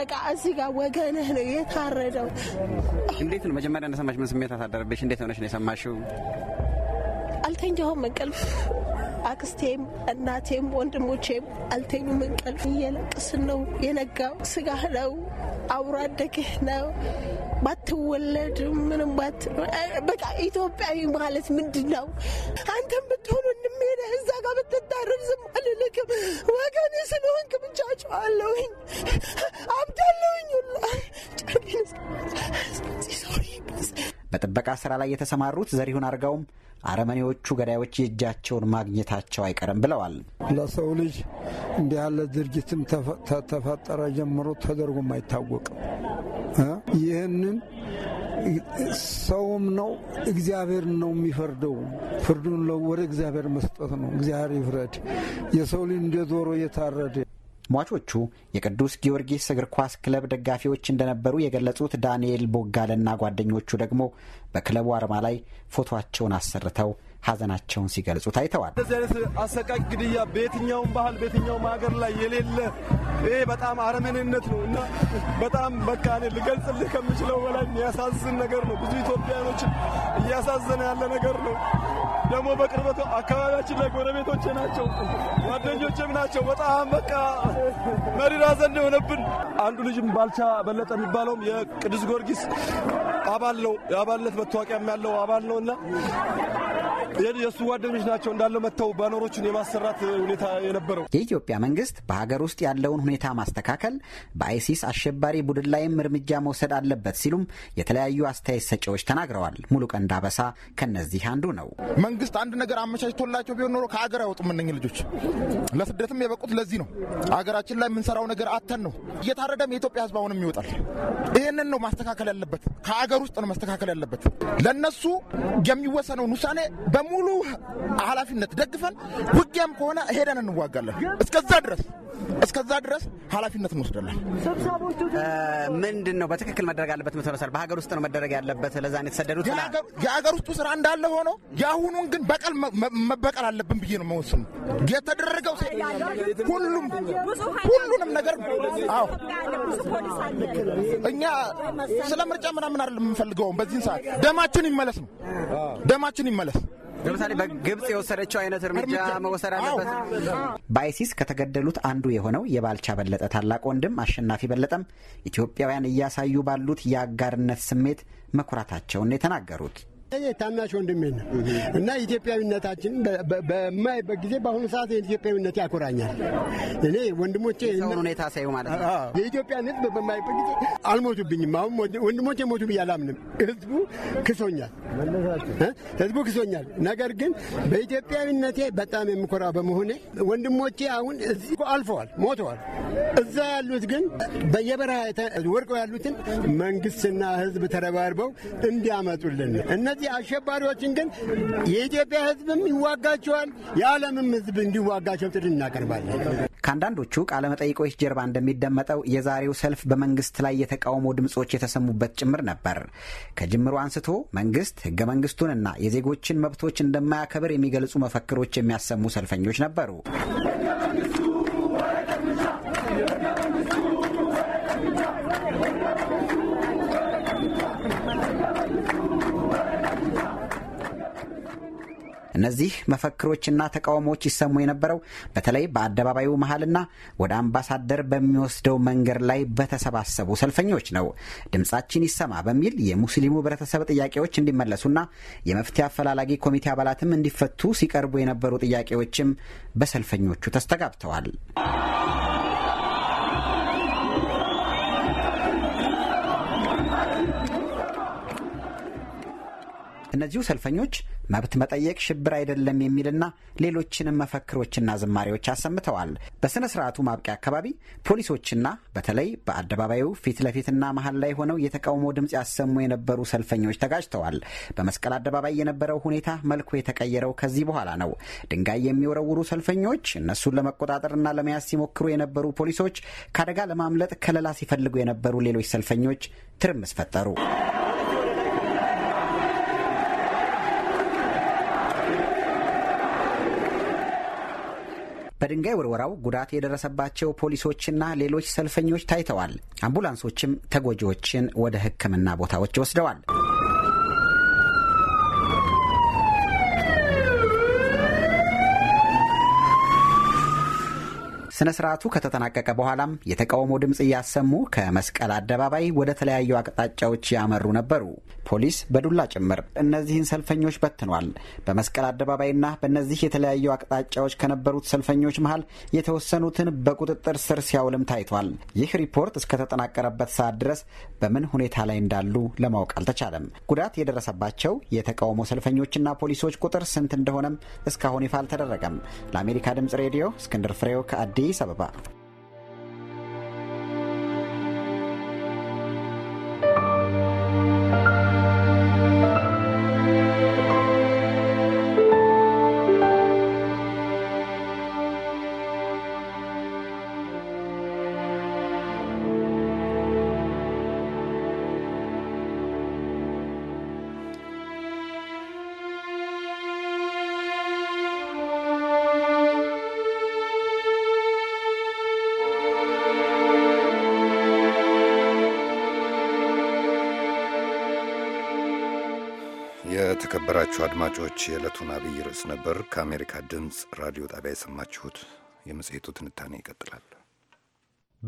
በቃ እዚህ ጋር ወገንህ ነው የታረደው። እንዴት ነው መጀመሪያ እንደሰማሽ ምን ስሜት አሳደረብሽ? እንዴት ሆነሽ ነው የሰማሽው? አልተኛሁም እንቅልፍ። አክስቴም እናቴም ወንድሞቼም አልተኙም እንቅልፍ። እየለቅስ ነው የነጋው። ስጋህ ነው አውራ አደግህ ነው ባትወለድ ምንም ባት በቃ ኢትዮጵያዊ ማለት ምንድን ነው? አንተም ብትሆኑ እንምሄደ እዛ ጋር ብትታረም ዝም አልልክም። ወገን ስለሆንክ ብቻ ጨዋለሁኝ አብዳለሁኝ ሁላ ጨርቄን ሶሪ በጥበቃ ስራ ላይ የተሰማሩት ዘሪሁን አርጋውም አረመኔዎቹ ገዳዮች የእጃቸውን ማግኘታቸው አይቀርም ብለዋል። ለሰው ልጅ እንዲህ ያለ ድርጊትም ተፈጠረ ጀምሮ ተደርጎም አይታወቅም። ይህንን ሰውም ነው እግዚአብሔር ነው የሚፈርደው። ፍርዱን ወደ እግዚአብሔር መስጠት ነው። እግዚአብሔር ይፍረድ። የሰው ልጅ እንደ ዶሮ እየታረደ ሟቾቹ የቅዱስ ጊዮርጊስ እግር ኳስ ክለብ ደጋፊዎች እንደነበሩ የገለጹት ዳንኤል ቦጋለና ጓደኞቹ ደግሞ በክለቡ አርማ ላይ ፎቶቸውን አሰርተው ሀዘናቸውን ሲገልጹ ታይተዋል። እንደዚህ አይነት አሰቃቂ ግድያ በየትኛውም ባህል በየትኛውም ሀገር ላይ የሌለ ይሄ በጣም አረመኔነት ነው እና በጣም በቃ እኔ ልገልጽልህ ከምችለው በላይ የሚያሳዝን ነገር ነው። ብዙ ኢትዮጵያኖችን እያሳዘነ ያለ ነገር ነው። ደግሞ በቅርበቱ አካባቢያችን ላይ ጎረቤቶቼ ናቸው፣ ጓደኞቼም ናቸው። በጣም በቃ መሪር ሀዘን የሆነብን አንዱ ልጅም ባልቻ በለጠ የሚባለውም የቅዱስ ጊዮርጊስ አባል ነው። የአባልነት መታወቂያም ያለው አባል ነው እና የእሱ ጓደኞች ናቸው እንዳለ መጥተው ባነሮችን የማሰራት ሁኔታ የነበረው። የኢትዮጵያ መንግስት በሀገር ውስጥ ያለውን ሁኔታ ማስተካከል፣ በአይሲስ አሸባሪ ቡድን ላይም እርምጃ መውሰድ አለበት ሲሉም የተለያዩ አስተያየት ሰጪዎች ተናግረዋል። ሙሉቀን ዳበሳ ከነዚህ አንዱ ነው። መንግስት አንድ ነገር አመቻችቶላቸው ቢሆን ኖሮ ከሀገር አይወጡም እነኝ ልጆች። ለስደትም የበቁት ለዚህ ነው። ሀገራችን ላይ የምንሰራው ነገር አተን ነው። እየታረደም የኢትዮጵያ ህዝብ አሁንም ይወጣል። ይህንን ነው ማስተካከል ያለበት። ከሀገር ውስጥ ነው ማስተካከል ያለበት። ለእነሱ የሚወሰነውን ውሳኔ በሙሉ ኃላፊነት ደግፈን ውጊያም ከሆነ ሄደን እንዋጋለን። እስከዛ ድረስ እስከዛ ድረስ ኃላፊነት እንወስዳለን። ምንድን ነው በትክክል መደረግ አለበት ምትመሳል በሀገር ውስጥ ነው መደረግ ያለበት። ለዛ የተሰደዱት። የሀገር ውስጡ ስራ እንዳለ ሆኖ የአሁኑን ግን በቀል መበቀል አለብን ብዬ ነው መወስኑ የተደረገው ሁሉም ሁሉንም ነገር አዎ እኛ ስለ ምርጫ ምናምን አይደለም የምንፈልገውም በዚህን ሰዓት ደማችን ይመለስ ነው፣ ደማችን ይመለስ ለምሳሌ በግብጽ የወሰደችው አይነት እርምጃ መወሰድ አለበት። በአይሲስ ከተገደሉት አንዱ የሆነው የባልቻ በለጠ ታላቅ ወንድም አሸናፊ በለጠም ኢትዮጵያውያን እያሳዩ ባሉት የአጋርነት ስሜት መኩራታቸውን የተናገሩት ታናሽ ወንድሜ ነው እና ኢትዮጵያዊነታችን በማይበት ጊዜ በአሁኑ ሰዓት የኢትዮጵያዊነት ያኮራኛል። እኔ ወንድሞቼ ሁኔታ ሳይ ማለት ነው የኢትዮጵያን ሕዝብ በማይበት ጊዜ አልሞቱብኝም። አሁን ወንድሞቼ ሞቱ ብዬ አላምንም። ሕዝቡ ክሶኛል፣ ሕዝቡ ክሶኛል። ነገር ግን በኢትዮጵያዊነቴ በጣም የምኮራ በመሆኔ ወንድሞቼ አሁን እዚህ አልፈዋል፣ ሞተዋል። እዛ ያሉት ግን በየበረሃ ወርቀው ያሉትን መንግስትና ሕዝብ ተረባርበው እንዲያመጡልን እነዚህ እነዚህ አሸባሪዎችን ግን የኢትዮጵያ ሕዝብም ይዋጋቸዋል፣ የዓለምም ሕዝብ እንዲዋጋቸው ጥሪ እናቀርባለን። ከአንዳንዶቹ ቃለ መጠይቆች ጀርባ እንደሚደመጠው የዛሬው ሰልፍ በመንግስት ላይ የተቃውሞ ድምጾች የተሰሙበት ጭምር ነበር። ከጅምሩ አንስቶ መንግስት ህገ መንግስቱንና የዜጎችን መብቶች እንደማያከብር የሚገልጹ መፈክሮች የሚያሰሙ ሰልፈኞች ነበሩ። እነዚህ መፈክሮችና ተቃውሞዎች ይሰሙ የነበረው በተለይ በአደባባዩ መሀልና ወደ አምባሳደር በሚወስደው መንገድ ላይ በተሰባሰቡ ሰልፈኞች ነው። ድምጻችን ይሰማ በሚል የሙስሊሙ ህብረተሰብ ጥያቄዎች እንዲመለሱና የመፍትሄ አፈላላጊ ኮሚቴ አባላትም እንዲፈቱ ሲቀርቡ የነበሩ ጥያቄዎችም በሰልፈኞቹ ተስተጋብተዋል። እነዚሁ ሰልፈኞች መብት መጠየቅ ሽብር አይደለም የሚልና ሌሎችንም መፈክሮችና ዝማሬዎች አሰምተዋል። በሥነ ሥርዓቱ ማብቂያ አካባቢ ፖሊሶችና በተለይ በአደባባዩ ፊት ለፊትና መሀል ላይ ሆነው የተቃውሞ ድምፅ ያሰሙ የነበሩ ሰልፈኞች ተጋጭተዋል። በመስቀል አደባባይ የነበረው ሁኔታ መልኩ የተቀየረው ከዚህ በኋላ ነው። ድንጋይ የሚወረውሩ ሰልፈኞች፣ እነሱን ለመቆጣጠርና ለመያዝ ሲሞክሩ የነበሩ ፖሊሶች፣ ከአደጋ ለማምለጥ ከለላ ሲፈልጉ የነበሩ ሌሎች ሰልፈኞች ትርምስ ፈጠሩ። በድንጋይ ወርወራው ጉዳት የደረሰባቸው ፖሊሶችና ሌሎች ሰልፈኞች ታይተዋል። አምቡላንሶችም ተጎጂዎችን ወደ ሕክምና ቦታዎች ወስደዋል። ስነ ስርዓቱ ከተጠናቀቀ በኋላም የተቃውሞ ድምፅ እያሰሙ ከመስቀል አደባባይ ወደ ተለያዩ አቅጣጫዎች ያመሩ ነበሩ። ፖሊስ በዱላ ጭምር እነዚህን ሰልፈኞች በትኗል። በመስቀል አደባባይና በእነዚህ የተለያዩ አቅጣጫዎች ከነበሩት ሰልፈኞች መሀል የተወሰኑትን በቁጥጥር ስር ሲያውልም ታይቷል። ይህ ሪፖርት እስከተጠናቀረበት ሰዓት ድረስ በምን ሁኔታ ላይ እንዳሉ ለማወቅ አልተቻለም። ጉዳት የደረሰባቸው የተቃውሞ ሰልፈኞችና ፖሊሶች ቁጥር ስንት እንደሆነም እስካሁን ይፋ አልተደረገም። ለአሜሪካ ድምጽ ሬዲዮ እስክንድር ፍሬው ከአዲስ アリサババ የተከበራችሁ አድማጮች የዕለቱን አብይ ርዕስ ነበር። ከአሜሪካ ድምፅ ራዲዮ ጣቢያ የሰማችሁት። የመጽሔቱ ትንታኔ ይቀጥላል።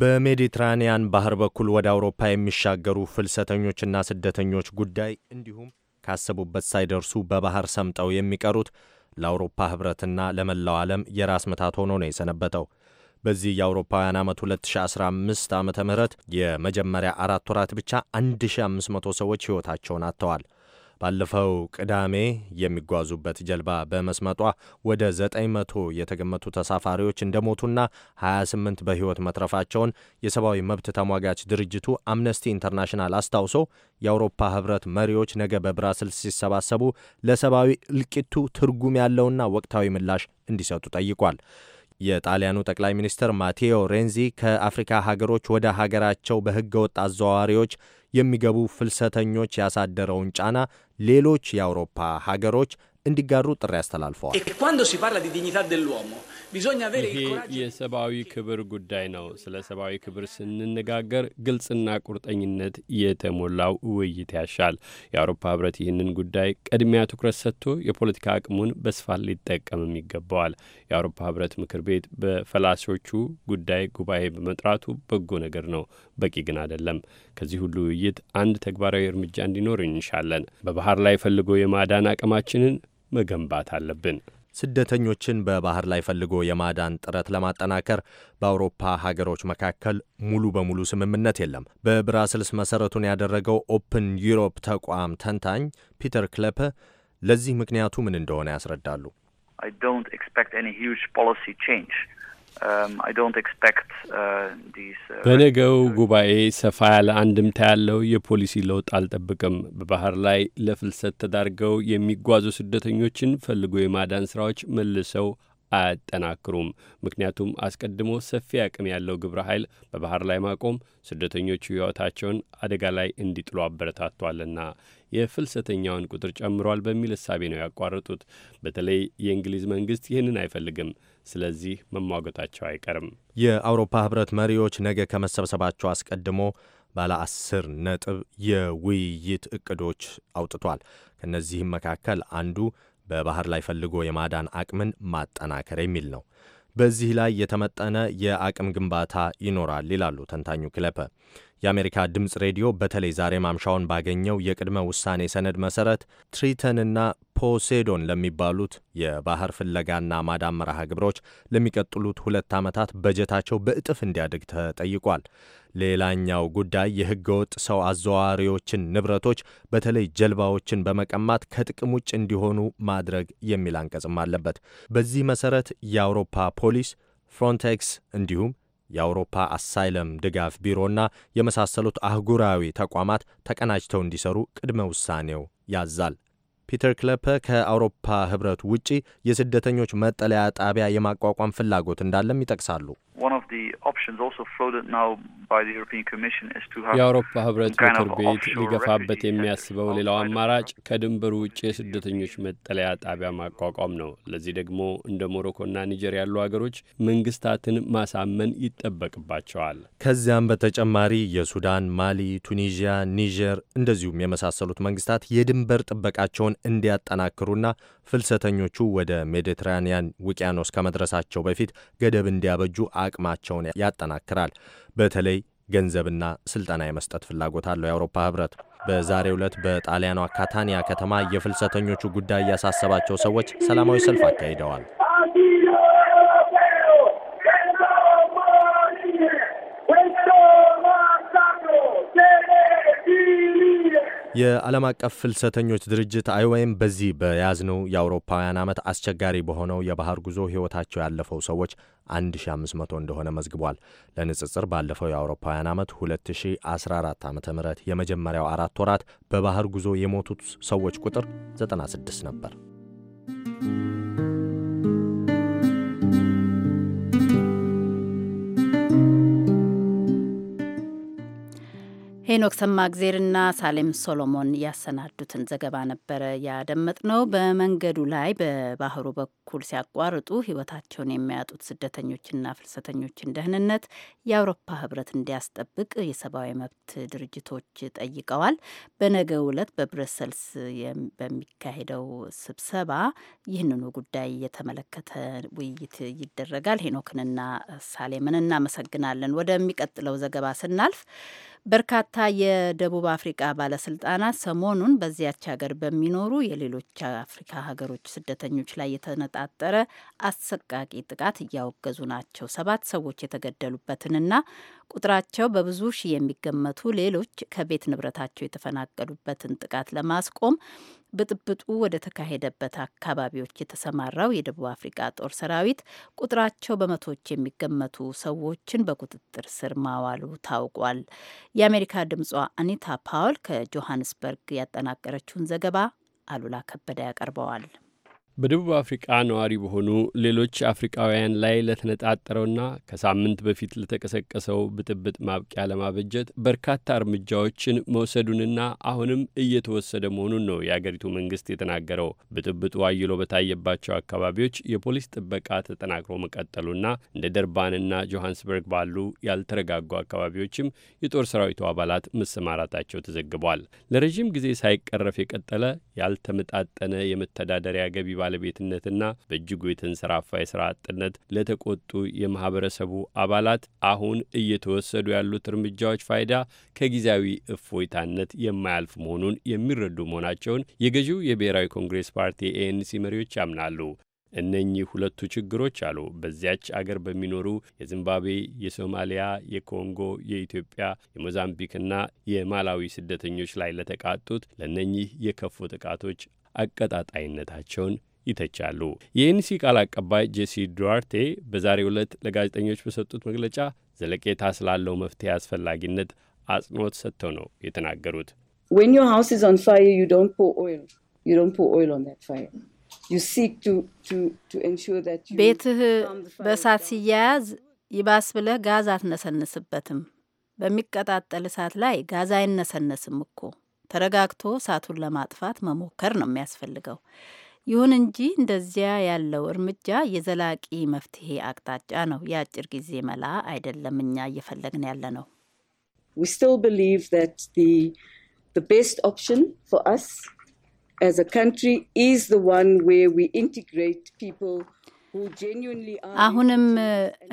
በሜዲትራኒያን ባህር በኩል ወደ አውሮፓ የሚሻገሩ ፍልሰተኞችና ስደተኞች ጉዳይ እንዲሁም ካሰቡበት ሳይደርሱ በባህር ሰምጠው የሚቀሩት ለአውሮፓ ህብረትና ለመላው ዓለም የራስ ምታት ሆኖ ነው የሰነበተው። በዚህ የአውሮፓውያን ዓመት 2015 ዓ ም የመጀመሪያ አራት ወራት ብቻ 1500 ሰዎች ሕይወታቸውን አጥተዋል። ባለፈው ቅዳሜ የሚጓዙበት ጀልባ በመስመጧ ወደ 900 የተገመቱ ተሳፋሪዎች እንደሞቱና 28 በሕይወት መትረፋቸውን የሰብአዊ መብት ተሟጋች ድርጅቱ አምነስቲ ኢንተርናሽናል አስታውሶ የአውሮፓ ሕብረት መሪዎች ነገ በብራስልስ ሲሰባሰቡ ለሰብአዊ እልቂቱ ትርጉም ያለውና ወቅታዊ ምላሽ እንዲሰጡ ጠይቋል። የጣሊያኑ ጠቅላይ ሚኒስትር ማቴዎ ሬንዚ ከአፍሪካ ሀገሮች ወደ ሀገራቸው በሕገ ወጥ አዘዋዋሪዎች የሚገቡ ፍልሰተኞች ያሳደረውን ጫና ሌሎች የአውሮፓ ሀገሮች እንዲጋሩ ጥሪ አስተላልፈዋል። e ይሄ የሰብአዊ ክብር ጉዳይ ነው። ስለ ሰብአዊ ክብር ስንነጋገር ግልጽና ቁርጠኝነት የተሞላው ውይይት ያሻል። የአውሮፓ ህብረት ይህንን ጉዳይ ቅድሚያ ትኩረት ሰጥቶ የፖለቲካ አቅሙን በስፋት ሊጠቀምም ይገባዋል። የአውሮፓ ህብረት ምክር ቤት በፈላሾቹ ጉዳይ ጉባኤ በመጥራቱ በጎ ነገር ነው፣ በቂ ግን አይደለም። ከዚህ ሁሉ ውይይት አንድ ተግባራዊ እርምጃ እንዲኖር እንሻለን። በባህር ላይ ፈልጎ የማዳን አቅማችንን መገንባት አለብን። ስደተኞችን በባህር ላይ ፈልጎ የማዳን ጥረት ለማጠናከር በአውሮፓ ሀገሮች መካከል ሙሉ በሙሉ ስምምነት የለም። በብራስልስ መሰረቱን ያደረገው ኦፕን ዩሮፕ ተቋም ተንታኝ ፒተር ክለፐ ለዚህ ምክንያቱ ምን እንደሆነ ያስረዳሉ። Um, uh, uh, በነገው uh, ጉባኤ ሰፋ ያለ አንድምታ ያለው የፖሊሲ ለውጥ አልጠብቅም። በባህር ላይ ለፍልሰት ተዳርገው የሚጓዙ ስደተኞችን ፈልጎ የማዳን ስራዎች መልሰው አያጠናክሩም። ምክንያቱም አስቀድሞ ሰፊ አቅም ያለው ግብረ ኃይል በባህር ላይ ማቆም ስደተኞቹ ሕይወታቸውን አደጋ ላይ እንዲጥሉ አበረታቷልና የፍልሰተኛውን ቁጥር ጨምሯል በሚል እሳቤ ነው ያቋረጡት። በተለይ የእንግሊዝ መንግስት ይህንን አይፈልግም። ስለዚህ መሟገታቸው አይቀርም። የአውሮፓ ህብረት መሪዎች ነገ ከመሰብሰባቸው አስቀድሞ ባለ አስር ነጥብ የውይይት እቅዶች አውጥቷል። ከእነዚህም መካከል አንዱ በባህር ላይ ፈልጎ የማዳን አቅምን ማጠናከር የሚል ነው። በዚህ ላይ የተመጠነ የአቅም ግንባታ ይኖራል ይላሉ ተንታኙ ክለፐ። የአሜሪካ ድምፅ ሬዲዮ በተለይ ዛሬ ማምሻውን ባገኘው የቅድመ ውሳኔ ሰነድ መሰረት ትሪተንና ፖሴዶን ለሚባሉት የባህር ፍለጋና ማዳን መርሃ ግብሮች ለሚቀጥሉት ሁለት ዓመታት በጀታቸው በእጥፍ እንዲያድግ ተጠይቋል። ሌላኛው ጉዳይ የህገወጥ ሰው አዘዋዋሪዎችን ንብረቶች በተለይ ጀልባዎችን በመቀማት ከጥቅም ውጭ እንዲሆኑ ማድረግ የሚል አንቀጽም አለበት። በዚህ መሰረት የአውሮፓ ፖሊስ፣ ፍሮንቴክስ እንዲሁም የአውሮፓ አሳይለም ድጋፍ ቢሮና የመሳሰሉት አህጉራዊ ተቋማት ተቀናጅተው እንዲሰሩ ቅድመ ውሳኔው ያዛል። ፒተር ክለፐ ከአውሮፓ ህብረት ውጪ የስደተኞች መጠለያ ጣቢያ የማቋቋም ፍላጎት እንዳለም ይጠቅሳሉ። የአውሮፓ ህብረት ምክር ቤት ሊገፋበት የሚያስበው ሌላው አማራጭ ከድንበሩ ውጭ የስደተኞች መጠለያ ጣቢያ ማቋቋም ነው። ለዚህ ደግሞ እንደ ሞሮኮና ኒጀር ያሉ አገሮች መንግስታትን ማሳመን ይጠበቅባቸዋል። ከዚያም በተጨማሪ የሱዳን፣ ማሊ፣ ቱኒዥያ፣ ኒጀር እንደዚሁም የመሳሰሉት መንግስታት የድንበር ጥበቃቸውን እንዲያጠናክሩና ፍልሰተኞቹ ወደ ሜዲትራኒያን ውቅያኖስ ከመድረሳቸው በፊት ገደብ እንዲያበጁ አቅማቸውን ያጠናክራል። በተለይ ገንዘብና ስልጠና የመስጠት ፍላጎት አለው የአውሮፓ ህብረት። በዛሬ ዕለት በጣሊያኗ ካታኒያ ከተማ የፍልሰተኞቹ ጉዳይ ያሳሰባቸው ሰዎች ሰላማዊ ሰልፍ አካሂደዋል። የዓለም አቀፍ ፍልሰተኞች ድርጅት አይወይም በዚህ በያዝነው የአውሮፓውያን ዓመት አስቸጋሪ በሆነው የባህር ጉዞ ሕይወታቸው ያለፈው ሰዎች 1500 እንደሆነ መዝግቧል። ለንጽጽር ባለፈው የአውሮፓውያን ዓመት 2014 ዓ ም የመጀመሪያው አራት ወራት በባህር ጉዞ የሞቱት ሰዎች ቁጥር 96 ነበር። ሄኖክ ሰማ እግዜርና ሳሌም ሶሎሞን ያሰናዱትን ዘገባ ነበረ ያደመጥነው። በመንገዱ ላይ በባህሩ በኩል ሲያቋርጡ ሕይወታቸውን የሚያጡት ስደተኞችና ፍልሰተኞችን ደህንነት የአውሮፓ ሕብረት እንዲያስጠብቅ የሰብአዊ መብት ድርጅቶች ጠይቀዋል። በነገ ዕለት በብረሰልስ በሚካሄደው ስብሰባ ይህንኑ ጉዳይ የተመለከተ ውይይት ይደረጋል። ሄኖክንና ሳሌምን እናመሰግናለን። ወደሚቀጥለው ዘገባ ስናልፍ በርካታ የደቡብ አፍሪቃ ባለስልጣናት ሰሞኑን በዚያች ሀገር በሚኖሩ የሌሎች አፍሪካ ሀገሮች ስደተኞች ላይ የተነጣጠረ አሰቃቂ ጥቃት እያወገዙ ናቸው። ሰባት ሰዎች የተገደሉበትንና ቁጥራቸው በብዙ ሺህ የሚገመቱ ሌሎች ከቤት ንብረታቸው የተፈናቀሉበትን ጥቃት ለማስቆም ብጥብጡ ወደ ተካሄደበት አካባቢዎች የተሰማራው የደቡብ አፍሪቃ ጦር ሰራዊት ቁጥራቸው በመቶዎች የሚገመቱ ሰዎችን በቁጥጥር ስር ማዋሉ ታውቋል። የአሜሪካ ድምጿ አኒታ ፓውል ከጆሃንስበርግ ያጠናቀረችውን ዘገባ አሉላ ከበደ ያቀርበዋል። በደቡብ አፍሪቃ ነዋሪ በሆኑ ሌሎች አፍሪቃውያን ላይ ለተነጣጠረውና ከሳምንት በፊት ለተቀሰቀሰው ብጥብጥ ማብቂያ ለማበጀት በርካታ እርምጃዎችን መውሰዱንና አሁንም እየተወሰደ መሆኑን ነው የአገሪቱ መንግስት የተናገረው። ብጥብጡ አይሎ በታየባቸው አካባቢዎች የፖሊስ ጥበቃ ተጠናክሮ መቀጠሉና እንደ ደርባንና ጆሃንስበርግ ባሉ ያልተረጋጉ አካባቢዎችም የጦር ሰራዊቱ አባላት መሰማራታቸው ተዘግቧል። ለረዥም ጊዜ ሳይቀረፍ የቀጠለ ያልተመጣጠነ የመተዳደሪያ ገቢ ባለቤትነትና በእጅጉ የተንሰራፋ የሥራ አጥነት ለተቆጡ የማህበረሰቡ አባላት አሁን እየተወሰዱ ያሉት እርምጃዎች ፋይዳ ከጊዜያዊ እፎይታነት የማያልፍ መሆኑን የሚረዱ መሆናቸውን የገዢው የብሔራዊ ኮንግሬስ ፓርቲ ኤኤንሲ መሪዎች ያምናሉ። እነኚህ ሁለቱ ችግሮች አሉ በዚያች አገር በሚኖሩ የዚምባብዌ፣ የሶማሊያ፣ የኮንጎ፣ የኢትዮጵያ፣ የሞዛምቢክና የማላዊ ስደተኞች ላይ ለተቃጡት ለእነኚህ የከፉ ጥቃቶች አቀጣጣይነታቸውን ይተቻሉ። የኤንሲ ቃል አቀባይ ጄሲ ዱዋርቴ በዛሬው ዕለት ለጋዜጠኞች በሰጡት መግለጫ ዘለቄታ ስላለው መፍትሄ አስፈላጊነት አጽንኦት ሰጥተው ነው የተናገሩት። ቤትህ በእሳት ሲያያዝ ይባስ ብለህ ጋዝ አትነሰንስበትም። በሚቀጣጠል እሳት ላይ ጋዝ አይነሰነስም እኮ። ተረጋግቶ እሳቱን ለማጥፋት መሞከር ነው የሚያስፈልገው። ይሁን እንጂ እንደዚያ ያለው እርምጃ የዘላቂ መፍትሄ አቅጣጫ ነው፣ የአጭር ጊዜ መላ አይደለም። እኛ እየፈለግን ያለ ነው። አሁንም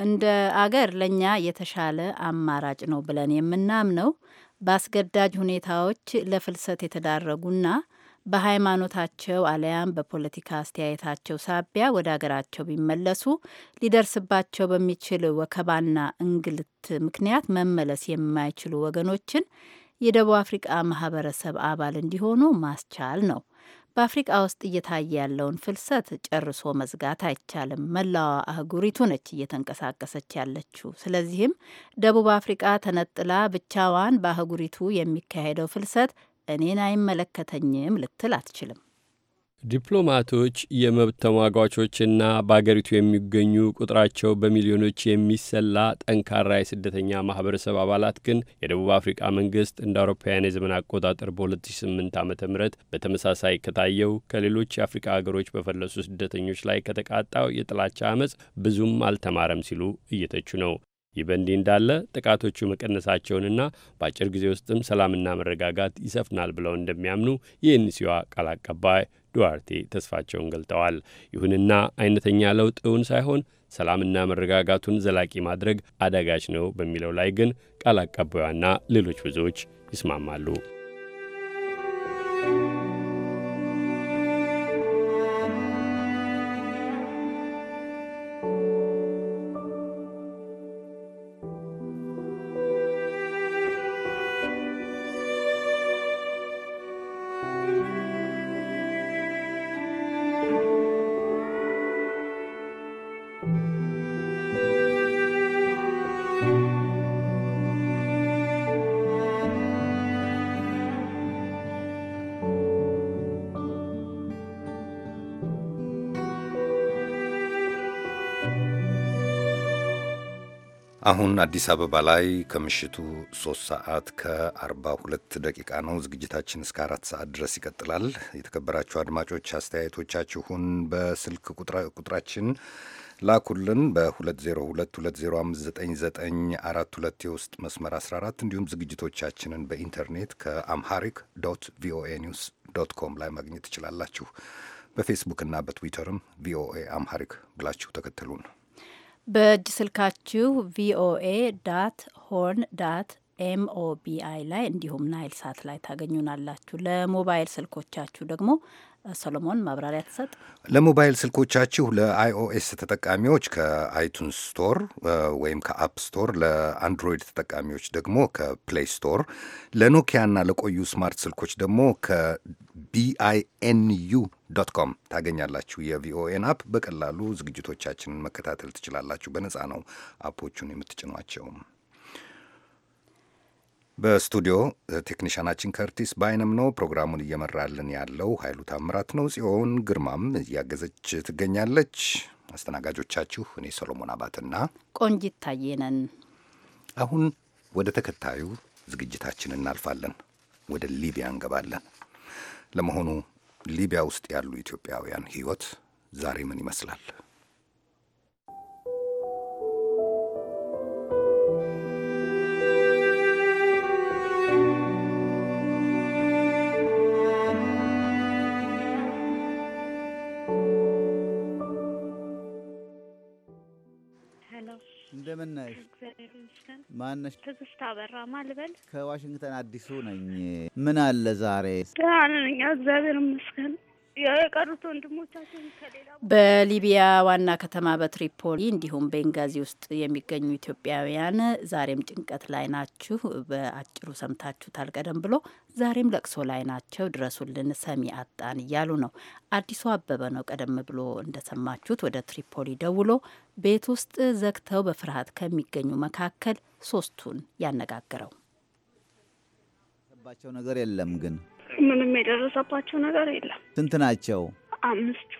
እንደ አገር ለእኛ የተሻለ አማራጭ ነው ብለን የምናምነው በአስገዳጅ ሁኔታዎች ለፍልሰት የተዳረጉና በሃይማኖታቸው አለያም በፖለቲካ አስተያየታቸው ሳቢያ ወደ አገራቸው ቢመለሱ ሊደርስባቸው በሚችል ወከባና እንግልት ምክንያት መመለስ የማይችሉ ወገኖችን የደቡብ አፍሪቃ ማህበረሰብ አባል እንዲሆኑ ማስቻል ነው። በአፍሪቃ ውስጥ እየታየ ያለውን ፍልሰት ጨርሶ መዝጋት አይቻልም። መላዋ አህጉሪቱ ነች እየተንቀሳቀሰች ያለችው። ስለዚህም ደቡብ አፍሪቃ ተነጥላ ብቻዋን በአህጉሪቱ የሚካሄደው ፍልሰት እኔን አይመለከተኝም ልትል አትችልም። ዲፕሎማቶች፣ የመብት ተሟጓቾችና በአገሪቱ የሚገኙ ቁጥራቸው በሚሊዮኖች የሚሰላ ጠንካራ የስደተኛ ማህበረሰብ አባላት ግን የደቡብ አፍሪቃ መንግስት እንደ አውሮፓውያን የዘመን አቆጣጠር በ2008 ዓ ም በተመሳሳይ ከታየው ከሌሎች የአፍሪቃ ሀገሮች በፈለሱ ስደተኞች ላይ ከተቃጣው የጥላቻ አመፅ ብዙም አልተማረም ሲሉ እየተቹ ነው። ይህ በእንዲህ እንዳለ ጥቃቶቹ መቀነሳቸውንና በአጭር ጊዜ ውስጥም ሰላምና መረጋጋት ይሰፍናል ብለው እንደሚያምኑ የኤንሲዋ ቃል አቀባይ ዱዋርቴ ተስፋቸውን ገልጠዋል። ይሁንና አይነተኛ ለውጥውን ሳይሆን ሰላምና መረጋጋቱን ዘላቂ ማድረግ አዳጋች ነው በሚለው ላይ ግን ቃል አቀባዩና ሌሎች ብዙዎች ይስማማሉ። አሁን አዲስ አበባ ላይ ከምሽቱ 3 ሰዓት ከ42 ደቂቃ ነው። ዝግጅታችን እስከ አራት ሰዓት ድረስ ይቀጥላል። የተከበራችሁ አድማጮች አስተያየቶቻችሁን በስልክ ቁጥራችን ላኩልን በ2022059942 የውስጥ መስመር 14 እንዲሁም ዝግጅቶቻችንን በኢንተርኔት ከአምሃሪክ ዶት ቪኦኤ ኒውስ ዶት ኮም ላይ ማግኘት ትችላላችሁ። በፌስቡክ እና በትዊተርም ቪኦኤ አምሃሪክ ብላችሁ ተከተሉን። በእጅ ስልካችሁ ቪኦኤ ዳት ሆርን ዳት ኤምኦቢአይ ላይ እንዲሁም ናይል ሳት ላይ ታገኙናላችሁ። ለሞባይል ስልኮቻችሁ ደግሞ ሰሎሞን ማብራሪያ ትሰጥ። ለሞባይል ስልኮቻችሁ ለአይኦኤስ ተጠቃሚዎች ከአይቱንስ ስቶር ወይም ከአፕ ስቶር፣ ለአንድሮይድ ተጠቃሚዎች ደግሞ ከፕሌይ ስቶር፣ ለኖኪያና ለቆዩ ስማርት ስልኮች ደግሞ ከቢአይኤንዩ ዶት ኮም ታገኛላችሁ። የቪኦኤን አፕ በቀላሉ ዝግጅቶቻችንን መከታተል ትችላላችሁ። በነፃ ነው አፖቹን የምትጭኗቸው። በስቱዲዮ ቴክኒሽያናችን ከርቲስ ባይነም ነው። ፕሮግራሙን እየመራልን ያለው ኃይሉ ታምራት ነው። ጽዮን ግርማም እያገዘች ትገኛለች። አስተናጋጆቻችሁ እኔ ሰሎሞን አባትና ቆንጂት ታየ ነን። አሁን ወደ ተከታዩ ዝግጅታችን እናልፋለን። ወደ ሊቢያ እንገባለን። ለመሆኑ ሊቢያ ውስጥ ያሉ ኢትዮጵያውያን ሕይወት ዛሬ ምን ይመስላል? እንደምን ነሽ? ማነሽ? ትዕግስት በራ ማልበል ከዋሽንግተን አዲሱ ነኝ። ምን አለ ዛሬ? ደህና ነኝ፣ እግዚአብሔር ይመስገን። የቀሩት ወንድሞቻችን በሊቢያ ዋና ከተማ በትሪፖሊ እንዲሁም ቤንጋዚ ውስጥ የሚገኙ ኢትዮጵያውያን ዛሬም ጭንቀት ላይ ናችሁ። በአጭሩ ሰምታችሁታል። ቀደም ብሎ ዛሬም ለቅሶ ላይ ናቸው፣ ድረሱልን፣ ሰሚ አጣን እያሉ ነው። አዲሱ አበበ ነው ቀደም ብሎ እንደሰማችሁት ወደ ትሪፖሊ ደውሎ ቤት ውስጥ ዘግተው በፍርሃት ከሚገኙ መካከል ሶስቱን ያነጋግረው ባቸው ነገር የለም ግን ምንም የደረሰባቸው ነገር የለም። ስንት ናቸው? አምስት።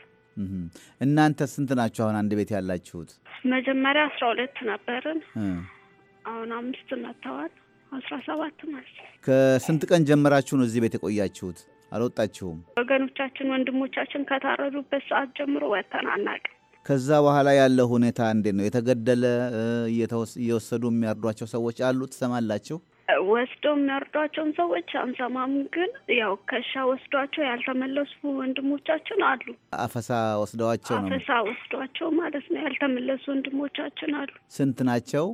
እናንተ ስንት ናችሁ አሁን አንድ ቤት ያላችሁት? መጀመሪያ አስራ ሁለት ነበርን። አሁን አምስት መጥተዋል። አስራ ሰባት ማለት ከስንት ቀን ጀምራችሁ ነው እዚህ ቤት የቆያችሁት? አልወጣችሁም? ወገኖቻችን ወንድሞቻችን ከታረዱበት ሰዓት ጀምሮ ወጥተን አናውቅም። ከዛ በኋላ ያለው ሁኔታ እንዴት ነው? የተገደለ እየወሰዱ የሚያርዷቸው ሰዎች አሉ? ትሰማላችሁ? ወስደው የሚያርዷቸውን ሰዎች አንሰማም። ግን ያው ከሻ ወስዷቸው ያልተመለሱ ወንድሞቻችን አሉ። አፈሳ ወስደዋቸው ነው አፈሳ ወስዷቸው ማለት ነው። ያልተመለሱ ወንድሞቻችን አሉ። ስንት ናቸው?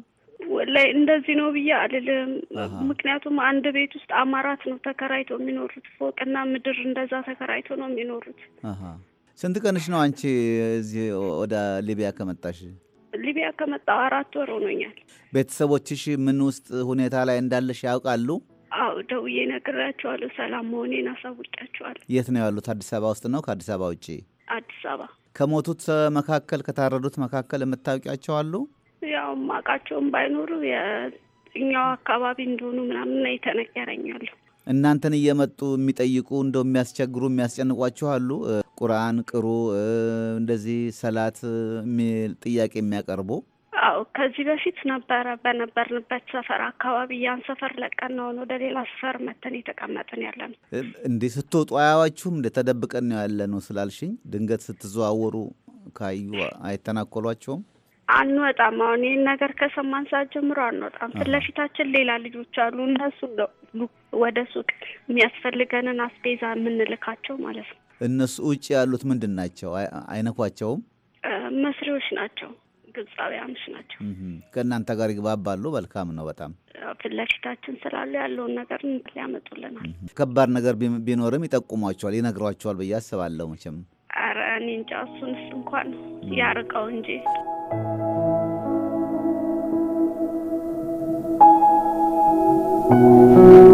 ላይ እንደዚህ ነው ብዬ አልልም። ምክንያቱም አንድ ቤት ውስጥ አማራት ነው ተከራይቶ የሚኖሩት ፎቅና ምድር እንደዛ ተከራይቶ ነው የሚኖሩት። ስንት ቀንሽ ነው አንቺ እዚህ ወደ ሊቢያ ከመጣሽ? ሊቢያ ከመጣሁ አራት ወር ሆኖኛል። ቤተሰቦችሽ ምን ውስጥ ሁኔታ ላይ እንዳለሽ ያውቃሉ? አው ደውዬ ነግራቸዋለሁ። ሰላም መሆኔን አሳውቂያቸዋለሁ። የት ነው ያሉት? አዲስ አበባ ውስጥ ነው ከአዲስ አበባ ውጭ? አዲስ አበባ። ከሞቱት መካከል ከታረዱት መካከል የምታውቂያቸው አሉ? ያው ማውቃቸውም ባይኖሩ የእኛው አካባቢ እንደሆኑ ምናምን የተነገረኛለሁ እናንተን እየመጡ የሚጠይቁ እንደው የሚያስቸግሩ የሚያስጨንቋችሁ አሉ? ቁርአን ቅሩ፣ እንደዚህ ሰላት የሚል ጥያቄ የሚያቀርቡ አዎ ከዚህ በፊት ነበረ። በነበርንበት ሰፈር አካባቢ ያን ሰፈር ለቀን ነው ወደ ሌላ ሰፈር መተን የተቀመጥን ያለ ነው። እንዲህ ስትወጡ አያዋችሁም? እንደ ተደብቀን ነው ያለ ነው ስላልሽኝ፣ ድንገት ስትዘዋወሩ ካዩ አይተናኮሏቸውም? አንወጣም። አሁን ይህን ነገር ከሰማን ሰዓት ጀምሮ አንወጣም። ፊት ለፊታችን ሌላ ልጆች አሉ። እነሱ ነው ወደ ሱቅ የሚያስፈልገንን አስቤዛ የምንልካቸው ማለት ነው። እነሱ ውጭ ያሉት ምንድን ናቸው? አይነኳቸውም። መስሪዎች ናቸው፣ ግብፃውያኖች ናቸው። ከእናንተ ጋር ይግባባሉ። መልካም ነው። በጣም ፊት ለፊታችን ስላሉ ያለውን ነገር ያመጡልናል። ከባድ ነገር ቢኖርም ይጠቁሟቸዋል፣ ይነግሯቸዋል ብዬ አስባለሁ። መቼም ኧረ እኔ እንጃ እሱን እንኳን ያርቀው እንጂ Thank you.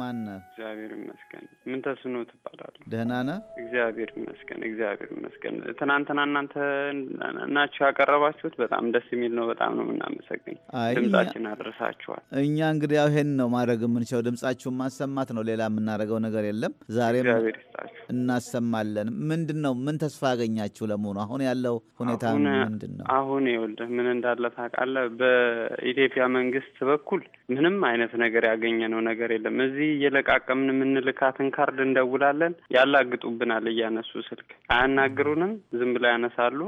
ማን ነህ? እግዚአብሔር ይመስገን። ምን ተስኖ ትባላለህ? ደህና ነ? እግዚአብሔር ይመስገን፣ እግዚአብሔር ይመስገን። ትናንትና እናንተ ናችሁ ያቀረባችሁት በጣም ደስ የሚል ነው። በጣም ነው የምናመሰግን። ድምጻችን አድርሳችኋል። እኛ እንግዲህ ያው ይሄን ነው ማድረግ የምንችለው፣ ድምጻችሁን ማሰማት ነው። ሌላ የምናደርገው ነገር የለም። ዛሬም እናሰማለን። ምንድን ነው ምን ተስፋ ያገኛችሁ ለመሆኑ? አሁን ያለው ሁኔታ ምንድን ነው? አሁን ይኸውልህ ምን እንዳለ ታውቃለህ? በኢትዮጵያ መንግስት በኩል ምንም አይነት ነገር ያገኘ ነው ነገር የለም እዚህ እንደዚህ እየለቃቀምን የምንልካትን ካርድ እንደውላለን። ያላግጡብናል። እያነሱ ስልክ አያናግሩንም። ዝም ብላ ያነሳሉ።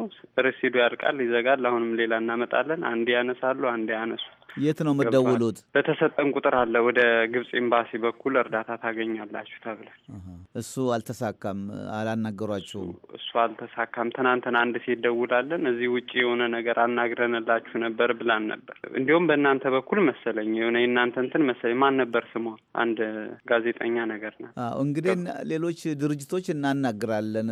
ርሲዱ ያልቃል፣ ይዘጋል። አሁንም ሌላ እናመጣለን። አንድ ያነሳሉ፣ አንድ ያነሱ የት ነው የምደውሉት በተሰጠን ቁጥር አለ ወደ ግብፅ ኤምባሲ በኩል እርዳታ ታገኛላችሁ ተብለን። እሱ አልተሳካም፣ አላናገሯችሁ እሱ አልተሳካም። ትናንትና አንድ ሴት ደውላለን እዚህ ውጭ የሆነ ነገር አናግረንላችሁ ነበር ብላን ነበር። እንዲሁም በእናንተ በኩል መሰለኝ የሆነ የእናንተ እንትን መሰለኝ ማን ነበር ስሟ? አንድ ጋዜጠኛ ነገር ነው እንግዲህ። ሌሎች ድርጅቶች እናናግራለን፣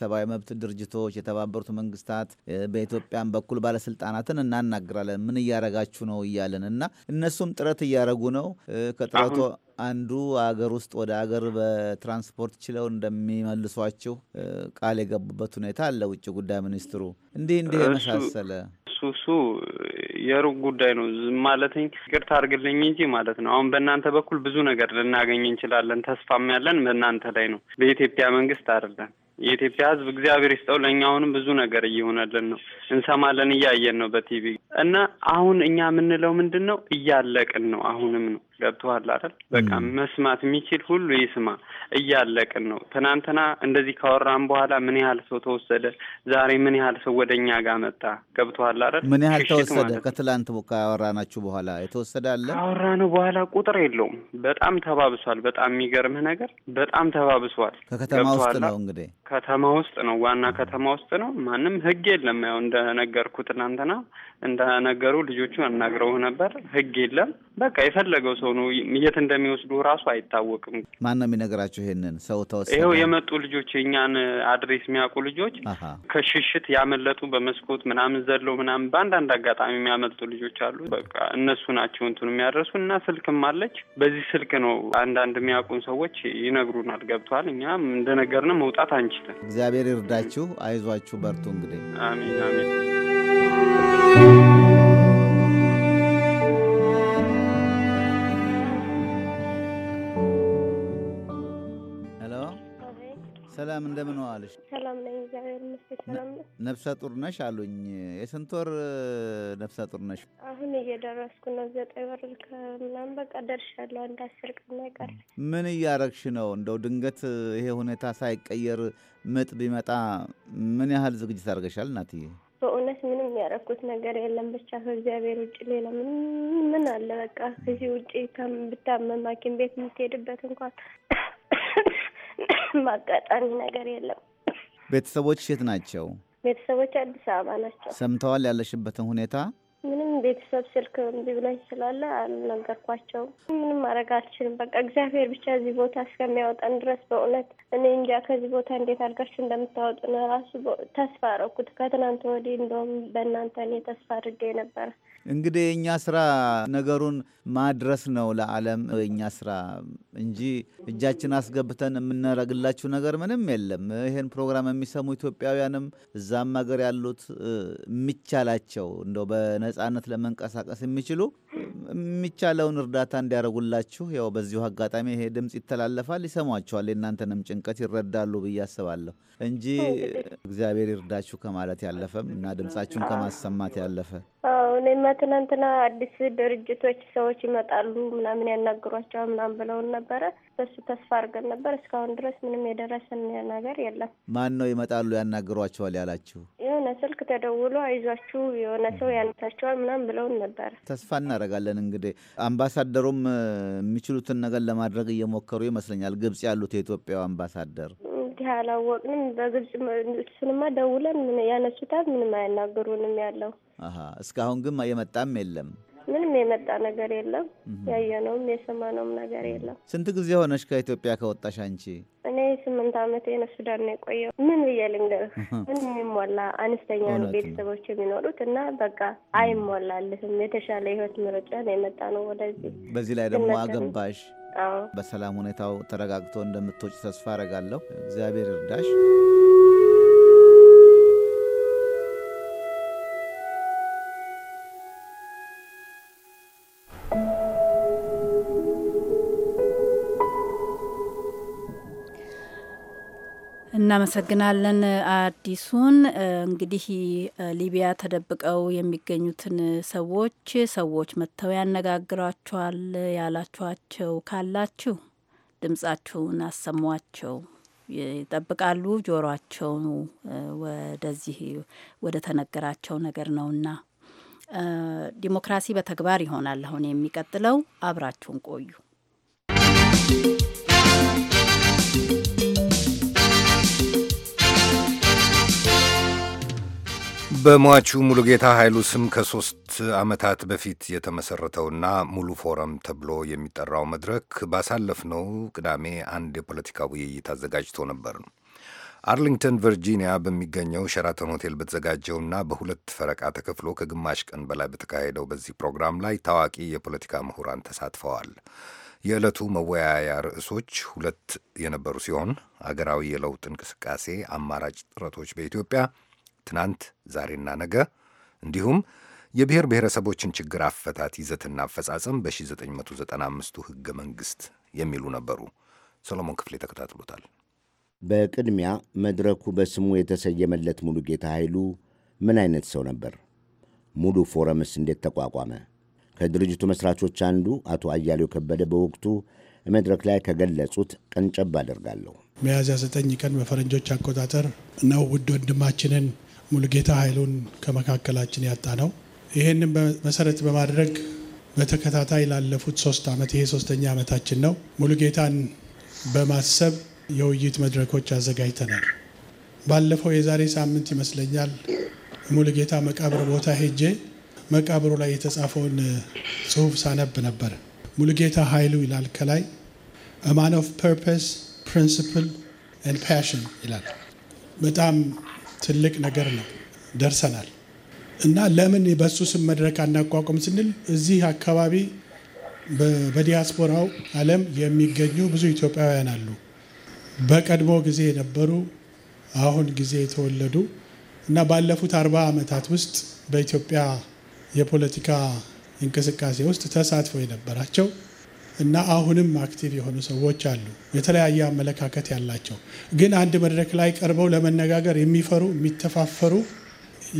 ሰብአዊ መብት ድርጅቶች፣ የተባበሩት መንግስታት፣ በኢትዮጵያን በኩል ባለስልጣናትን እናናግራለን። ምን እያደረጋችሁ ነው እያለን እና እነሱም ጥረት እያደረጉ ነው። ከጥረቱ አንዱ አገር ውስጥ ወደ አገር በትራንስፖርት ችለው እንደሚመልሷችሁ ቃል የገቡበት ሁኔታ አለ። ውጭ ጉዳይ ሚኒስትሩ እንዲህ እንዲህ የመሳሰለ እሱ እሱ የሩቅ ጉዳይ ነው ማለትኝ ይቅርታ አድርግልኝ እንጂ ማለት ነው። አሁን በእናንተ በኩል ብዙ ነገር ልናገኝ እንችላለን። ተስፋም ያለን በእናንተ ላይ ነው፣ በኢትዮጵያ መንግስት አይደለም። የኢትዮጵያ ህዝብ እግዚአብሔር ይስጠው ለእኛ አሁንም ብዙ ነገር እየሆነልን ነው፣ እንሰማለን፣ እያየን ነው በቲቪ እና አሁን እኛ የምንለው ምንድን ነው እያለቅን ነው አሁንም ነው ገብቶሃል አይደል? በቃ መስማት የሚችል ሁሉ ይስማ። እያለቅን ነው። ትናንትና እንደዚህ ካወራን በኋላ ምን ያህል ሰው ተወሰደ? ዛሬ ምን ያህል ሰው ወደ እኛ ጋር መጣ? ገብቶሃል አይደል? ምን ያህል ተወሰደ? ከትላንት ካወራናችሁ በኋላ የተወሰደ አለ? ካወራነው በኋላ ቁጥር የለውም። በጣም ተባብሷል። በጣም የሚገርምህ ነገር በጣም ተባብሷል። ከከተማ ውስጥ ነው እንግዲህ፣ ከተማ ውስጥ ነው፣ ዋና ከተማ ውስጥ ነው። ማንም ህግ የለም። ያው እንደነገርኩ ትናንትና እንደነገሩ ልጆቹ አናግረው ነበር። ህግ የለም። በቃ የፈለገው ሰው እንደሆኑ የት እንደሚወስዱ ራሱ አይታወቅም። ማን ነው የሚነግራቸው? ይሄንን ሰው ተወሰ። ይኸው የመጡ ልጆች የእኛን አድሬስ የሚያውቁ ልጆች ከሽሽት ያመለጡ በመስኮት ምናምን ዘለው ምናምን በአንዳንድ አጋጣሚ የሚያመልጡ ልጆች አሉ። በቃ እነሱ ናቸው እንትኑ የሚያደርሱ እና ስልክም አለች። በዚህ ስልክ ነው አንዳንድ የሚያውቁን ሰዎች ይነግሩናል። ገብተዋል። እኛም እንደነገርን መውጣት አንችልም። እግዚአብሔር ይርዳችሁ፣ አይዟችሁ፣ በርቱ። እንግዲህ አሜን አሜን። ሰላም እንደምን ዋልሽ? ሰላም ነኝ እግዚአብሔር ይመስገን። ሰላም ነፍሰ ጡር ነሽ አሉኝ። የስንት ወር ነፍሰ ጡር ነሽ? አሁን እየደረስኩ ነው። ዘጠኝ ወር ከምናምን በቃ ደርሻለሁ። አንድ አስር ቀን ይቀር። ምን እያረግሽ ነው? እንደው ድንገት ይሄ ሁኔታ ሳይቀየር ምጥ ቢመጣ ምን ያህል ዝግጅት አድርገሻል እናትዬ? በእውነት ምንም ያደረኩት ነገር የለም። ብቻ ከእግዚአብሔር ውጭ ሌላ ምን አለ? በቃ ከዚህ ውጭ ብታመም ሐኪም ቤት የምትሄድበት እንኳን ማጋጣሚ ነገር የለም። ቤተሰቦች የት ናቸው? ቤተሰቦች አዲስ አበባ ናቸው። ሰምተዋል ያለሽበትን ሁኔታ? ምንም ቤተሰብ ስልክ እምቢ ብሎኝ ስላለ ምንም ማድረግ አልችልም። በቃ እግዚአብሔር ብቻ እዚህ ቦታ እስከሚያወጣን ድረስ በእውነት እኔ እንጃ ከዚህ ቦታ እንዴት አድርጋችሁ እንደምታወጡ ነው ራሱ ተስፋ አረኩት። ከትናንት ወዲህ እንደውም በእናንተ እኔ ተስፋ አድርጌ ነበረ። እንግዲህ የእኛ ስራ ነገሩን ማድረስ ነው ለዓለም የእኛ ስራ እንጂ እጃችን አስገብተን የምናረግላችሁ ነገር ምንም የለም። ይህን ፕሮግራም የሚሰሙ ኢትዮጵያውያንም እዛም ሀገር ያሉት የሚቻላቸው እንደው በነጻነት ለመንቀሳቀስ የሚችሉ የሚቻለውን እርዳታ እንዲያደርጉላችሁ ያው በዚሁ አጋጣሚ ይሄ ድምፅ ይተላለፋል፣ ይሰሟቸዋል፣ የእናንተንም ጭንቀት ይረዳሉ ብዬ አስባለሁ እንጂ እግዚአብሔር ይርዳችሁ ከማለት ያለፈም እና ድምፃችሁን ከማሰማት ያለፈ እኔማ ትናንትና አዲስ ድርጅቶች ሰዎች ይመጣሉ ምናምን ያናግሯቸዋል ምናምን ብለውን ነበረ። በሱ ተስፋ አድርገን ነበር። እስካሁን ድረስ ምንም የደረሰን ነገር የለም። ማን ነው ይመጣሉ ያናግሯቸዋል ያላችሁ? የሆነ ስልክ ተደውሎ አይዟችሁ የሆነ ሰው ያነሳቸዋል ምናምን ብለውን ነበረ። ተስፋ እናደርጋለን። እንግዲህ አምባሳደሩም የሚችሉትን ነገር ለማድረግ እየሞከሩ ይመስለኛል። ግብጽ ያሉት የኢትዮጵያው አምባሳደር እንዲህ አላወቅንም። በግልጽ እሱንማ ደውለን ያነሱታል፣ ምንም አያናግሩንም ያለው እስካሁን ግን የመጣም የለም ምንም የመጣ ነገር የለም። ያየነውም የሰማነውም ነገር የለም። ስንት ጊዜ ሆነች ከኢትዮጵያ ከወጣሽ አንቺ? እኔ ስምንት ዓመቴ ነው ሱዳን ነው የቆየው። ምን ብዬ ልንገርህ? ምን የሚሞላ አነስተኛ ነው ቤተሰቦች የሚኖሩት እና በቃ አይሞላልህም። የተሻለ ህይወት ምርጫ ነው የመጣ ነው ወደዚህ። በዚህ ላይ ደግሞ አገባሽ በሰላም ሁኔታው ተረጋግቶ እንደምትወጭ ተስፋ አረጋለሁ። እግዚአብሔር እርዳሽ። እናመሰግናለን አዲሱን። እንግዲህ ሊቢያ ተደብቀው የሚገኙትን ሰዎች ሰዎች መጥተው ያነጋግሯቸዋል ያላችኋቸው ካላችሁ ድምጻችሁን አሰሟቸው። ይጠብቃሉ ጆሯቸው ወደዚህ ወደ ተነገራቸው ነገር ነውና ዲሞክራሲ በተግባር ይሆናል አሁን የሚቀጥለው። አብራችሁን ቆዩ። በሟቹ ሙሉጌታ ኃይሉ ስም ከሶስት ዓመታት በፊት የተመሠረተውና ሙሉ ፎረም ተብሎ የሚጠራው መድረክ ባሳለፍነው ቅዳሜ አንድ የፖለቲካ ውይይት አዘጋጅቶ ነበር። አርሊንግተን ቨርጂኒያ በሚገኘው ሸራተን ሆቴል በተዘጋጀውና በሁለት ፈረቃ ተከፍሎ ከግማሽ ቀን በላይ በተካሄደው በዚህ ፕሮግራም ላይ ታዋቂ የፖለቲካ ምሁራን ተሳትፈዋል። የዕለቱ መወያያ ርዕሶች ሁለት የነበሩ ሲሆን አገራዊ የለውጥ እንቅስቃሴ አማራጭ ጥረቶች በኢትዮጵያ ትናንት፣ ዛሬና ነገ እንዲሁም የብሔር ብሔረሰቦችን ችግር አፈታት ይዘትና አፈጻጸም በ1995ቱ ሕገ መንግሥት የሚሉ ነበሩ። ሰሎሞን ክፍሌ ተከታትሎታል። በቅድሚያ መድረኩ በስሙ የተሰየመለት ሙሉ ጌታ ኃይሉ ምን አይነት ሰው ነበር? ሙሉ ፎረምስ እንዴት ተቋቋመ? ከድርጅቱ መስራቾች አንዱ አቶ አያሌው ከበደ በወቅቱ መድረክ ላይ ከገለጹት ቀንጨብ አደርጋለሁ። ሚያዝያ ዘጠኝ ቀን በፈረንጆች አቆጣጠር ነው ውድ ወንድማችንን ሙሉጌታ ኃይሉን ከመካከላችን ያጣ ነው። ይህንን መሰረት በማድረግ በተከታታይ ላለፉት ሶስት ዓመት ይሄ ሶስተኛ ዓመታችን ነው። ሙሉጌታን በማሰብ የውይይት መድረኮች አዘጋጅተናል። ባለፈው የዛሬ ሳምንት ይመስለኛል ሙሉጌታ መቃብር ቦታ ሄጄ መቃብሩ ላይ የተጻፈውን ጽሑፍ ሳነብ ነበር። ሙሉጌታ ኃይሉ ይላል ከላይ ማን ኦፍ ፐርፐስ ፕሪንስፕል ፓሽን ይላል። በጣም ትልቅ ነገር ነው። ደርሰናል እና ለምን በሱ ስም መድረክ አናቋቁም ስንል እዚህ አካባቢ በዲያስፖራው ዓለም የሚገኙ ብዙ ኢትዮጵያውያን አሉ። በቀድሞ ጊዜ የነበሩ አሁን ጊዜ የተወለዱ እና ባለፉት አርባ ዓመታት ውስጥ በኢትዮጵያ የፖለቲካ እንቅስቃሴ ውስጥ ተሳትፎ የነበራቸው እና አሁንም አክቲቭ የሆኑ ሰዎች አሉ፣ የተለያየ አመለካከት ያላቸው ግን አንድ መድረክ ላይ ቀርበው ለመነጋገር የሚፈሩ የሚተፋፈሩ፣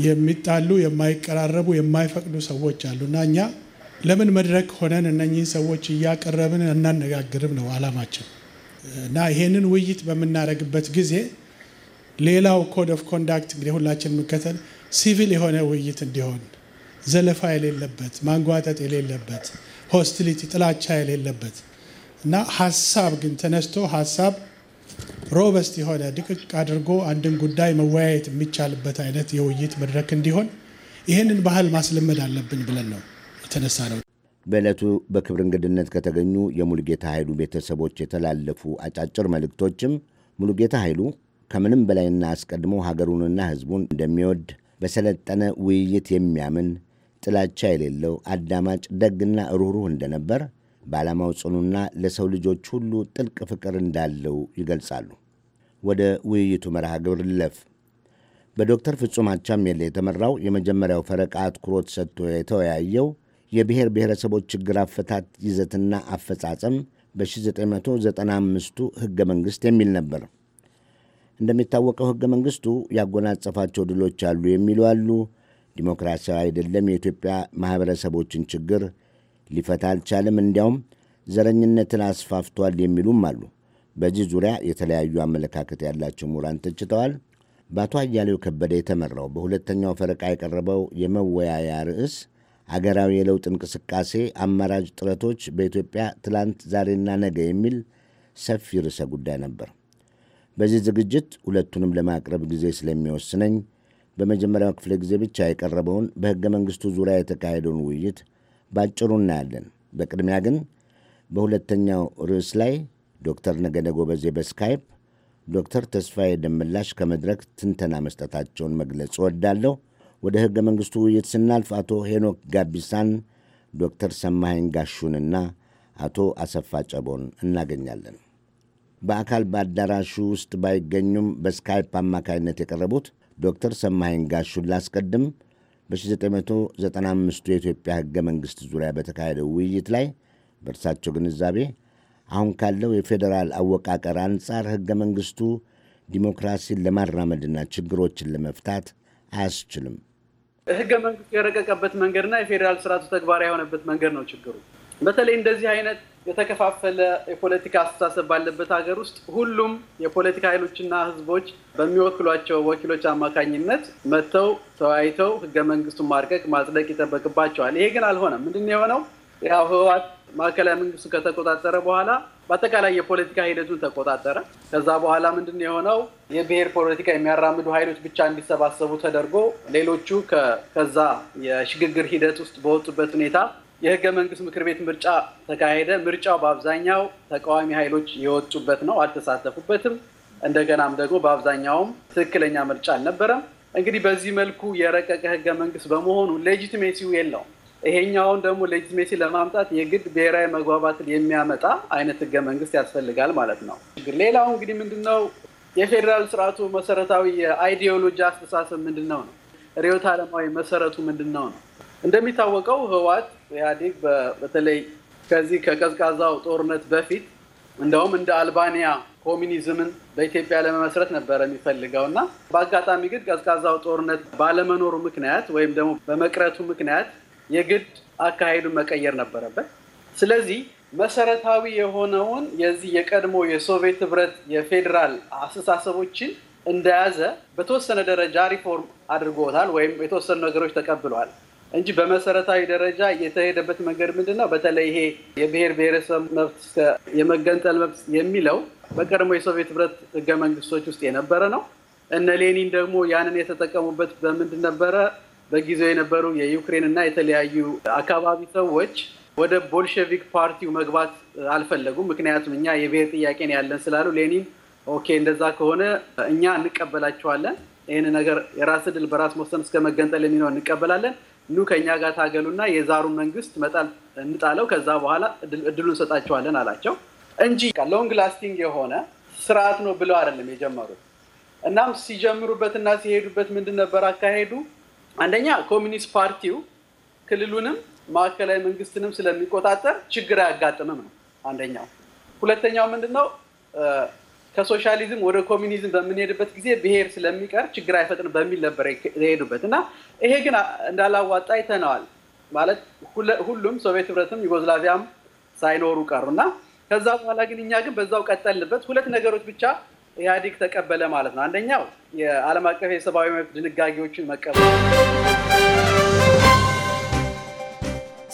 የሚጣሉ፣ የማይቀራረቡ፣ የማይፈቅዱ ሰዎች አሉ እና እኛ ለምን መድረክ ሆነን እነኚህን ሰዎች እያቀረብን እናነጋግርም ነው አላማችን እና ይሄንን ውይይት በምናደርግበት ጊዜ ሌላው ኮድ ኦፍ ኮንዳክት እንግዲህ ሁላችን የምከተል ሲቪል የሆነ ውይይት እንዲሆን ዘለፋ የሌለበት ማንጓጠጥ የሌለበት ሆስቲሊቲ ጥላቻ የሌለበት እና ሀሳብ ግን ተነስቶ ሀሳብ ሮበስት የሆነ ድቅቅ አድርጎ አንድን ጉዳይ መወያየት የሚቻልበት አይነት የውይይት መድረክ እንዲሆን ይህንን ባህል ማስለመድ አለብን ብለን ነው የተነሳ ነው። በዕለቱ በክብር እንግድነት ከተገኙ የሙሉጌታ ኃይሉ ቤተሰቦች የተላለፉ አጫጭር መልእክቶችም ሙሉጌታ ኃይሉ ከምንም በላይና አስቀድሞ ሀገሩንና ሕዝቡን እንደሚወድ በሰለጠነ ውይይት የሚያምን ጥላቻ የሌለው አዳማጭ፣ ደግና ሩህሩህ እንደነበር በዓላማው ጽኑና ለሰው ልጆች ሁሉ ጥልቅ ፍቅር እንዳለው ይገልጻሉ። ወደ ውይይቱ መርሃ ግብር ልለፍ። በዶክተር ፍጹም አቻምየለ የተመራው የመጀመሪያው ፈረቃ አትኩሮት ሰጥቶ የተወያየው የብሔር ብሔረሰቦች ችግር አፈታት ይዘትና አፈጻጸም በ1995ቱ ሕገ መንግሥት የሚል ነበር። እንደሚታወቀው ሕገ መንግሥቱ ያጎናጸፋቸው ድሎች አሉ የሚሉ አሉ፣ ዲሞክራሲያዊ አይደለም፣ የኢትዮጵያ ማኅበረሰቦችን ችግር ሊፈታ አልቻለም፣ እንዲያውም ዘረኝነትን አስፋፍቷል የሚሉም አሉ። በዚህ ዙሪያ የተለያዩ አመለካከት ያላቸው ምሁራን ተችተዋል። በአቶ አያሌው ከበደ የተመራው በሁለተኛው ፈረቃ የቀረበው የመወያያ ርዕስ አገራዊ የለውጥ እንቅስቃሴ አማራጭ ጥረቶች በኢትዮጵያ ትላንት፣ ዛሬና ነገ የሚል ሰፊ ርዕሰ ጉዳይ ነበር። በዚህ ዝግጅት ሁለቱንም ለማቅረብ ጊዜ ስለሚወስነኝ በመጀመሪያው ክፍለ ጊዜ ብቻ የቀረበውን በሕገ መንግሥቱ ዙሪያ የተካሄደውን ውይይት ባጭሩ እናያለን። በቅድሚያ ግን በሁለተኛው ርዕስ ላይ ዶክተር ነገደ ጎበዜ በስካይፕ ዶክተር ተስፋዬ ደምላሽ ከመድረክ ትንተና መስጠታቸውን መግለጽ እወዳለሁ። ወደ ሕገ መንግሥቱ ውይይት ስናልፍ አቶ ሄኖክ ጋቢሳን፣ ዶክተር ሰማኸኝ ጋሹንና አቶ አሰፋ ጨቦን እናገኛለን። በአካል በአዳራሹ ውስጥ ባይገኙም በስካይፕ አማካይነት የቀረቡት ዶክተር ሰማኸኝ ጋሹን ላስቀድም። በ1995ቱ የኢትዮጵያ ሕገ መንግሥት ዙሪያ በተካሄደው ውይይት ላይ በእርሳቸው ግንዛቤ አሁን ካለው የፌዴራል አወቃቀር አንጻር ሕገ መንግሥቱ ዲሞክራሲን ለማራመድና ችግሮችን ለመፍታት አያስችልም። ሕገ መንግሥቱ የረቀቀበት መንገድና የፌዴራል ስርዓቱ ተግባራዊ የሆነበት መንገድ ነው ችግሩ። በተለይ እንደዚህ አይነት የተከፋፈለ የፖለቲካ አስተሳሰብ ባለበት ሀገር ውስጥ ሁሉም የፖለቲካ ኃይሎችና ህዝቦች በሚወክሏቸው ወኪሎች አማካኝነት መጥተው ተወያይተው ህገ መንግስቱን ማርቀቅ ማጽደቅ ይጠበቅባቸዋል። ይሄ ግን አልሆነም። ምንድን የሆነው ያው ህወሓት ማዕከላዊ መንግስቱ ከተቆጣጠረ በኋላ በአጠቃላይ የፖለቲካ ሂደቱን ተቆጣጠረ። ከዛ በኋላ ምንድን የሆነው የብሔር ፖለቲካ የሚያራምዱ ኃይሎች ብቻ እንዲሰባሰቡ ተደርጎ ሌሎቹ ከዛ የሽግግር ሂደት ውስጥ በወጡበት ሁኔታ የህገ መንግስት ምክር ቤት ምርጫ ተካሄደ። ምርጫው በአብዛኛው ተቃዋሚ ኃይሎች የወጡበት ነው፣ አልተሳተፉበትም። እንደገናም ደግሞ በአብዛኛውም ትክክለኛ ምርጫ አልነበረም። እንግዲህ በዚህ መልኩ የረቀቀ ህገ መንግስት በመሆኑ ሌጂቲሜሲው የለውም። ይሄኛውን ደግሞ ሌጂቲሜሲ ለማምጣት የግድ ብሔራዊ መግባባትን የሚያመጣ አይነት ህገ መንግስት ያስፈልጋል ማለት ነው። ሌላው እንግዲህ ምንድነው የፌዴራል ስርዓቱ መሰረታዊ የአይዲዮሎጂ አስተሳሰብ ምንድነው ነው ርዕዮተ ዓለማዊ መሰረቱ ምንድነው ነው ነው እንደሚታወቀው ህወሓት ኢህአዴግ በተለይ ከዚህ ከቀዝቃዛው ጦርነት በፊት እንደውም እንደ አልባንያ ኮሚኒዝምን በኢትዮጵያ ለመመስረት ነበረ የሚፈልገው እና በአጋጣሚ ግን ቀዝቃዛው ጦርነት ባለመኖሩ ምክንያት ወይም ደግሞ በመቅረቱ ምክንያት የግድ አካሄዱን መቀየር ነበረበት። ስለዚህ መሰረታዊ የሆነውን የዚህ የቀድሞ የሶቪየት ህብረት የፌዴራል አስተሳሰቦችን እንደያዘ በተወሰነ ደረጃ ሪፎርም አድርጎታል ወይም የተወሰኑ ነገሮች ተቀብለዋል። እንጂ በመሰረታዊ ደረጃ የተሄደበት መንገድ ምንድን ነው? በተለይ ይሄ የብሔር ብሔረሰብ መብት የመገንጠል መብት የሚለው በቀድሞ የሶቪየት ህብረት ህገ መንግስቶች ውስጥ የነበረ ነው። እነ ሌኒን ደግሞ ያንን የተጠቀሙበት በምንድን ነበረ? በጊዜው የነበሩ የዩክሬን እና የተለያዩ አካባቢ ሰዎች ወደ ቦልሸቪክ ፓርቲው መግባት አልፈለጉም። ምክንያቱም እኛ የብሔር ጥያቄን ያለን ስላሉ ሌኒን ኦኬ፣ እንደዛ ከሆነ እኛ እንቀበላቸዋለን፣ ይህን ነገር የራስ ድል በራስ መወሰን እስከ መገንጠል የሚለው እንቀበላለን ኑ ከእኛ ጋር ታገሉና የዛሩን መንግስት መጣል እንጣለው፣ ከዛ በኋላ እድሉ እንሰጣቸዋለን አላቸው እንጂ ሎንግ ላስቲንግ የሆነ ስርዓት ነው ብለው አይደለም የጀመሩት። እናም ሲጀምሩበትና ሲሄዱበት ምንድን ነበር አካሄዱ? አንደኛ ኮሚኒስት ፓርቲው ክልሉንም ማዕከላዊ መንግስትንም ስለሚቆጣጠር ችግር አያጋጥምም ነው አንደኛው። ሁለተኛው ምንድን ነው ከሶሻሊዝም ወደ ኮሚኒዝም በምንሄድበት ጊዜ ብሔር ስለሚቀር ችግር አይፈጥን በሚል ነበር የሄዱበት እና ይሄ ግን እንዳላዋጣ አይተነዋል። ማለት ሁሉም ሶቪየት ህብረትም ዩጎዝላቪያም ሳይኖሩ ቀሩ እና ከዛ በኋላ ግን እኛ ግን በዛው ቀጠልንበት። ሁለት ነገሮች ብቻ ኢህአዴግ ተቀበለ ማለት ነው። አንደኛው የዓለም አቀፍ የሰብአዊ መብት ድንጋጌዎችን መቀበል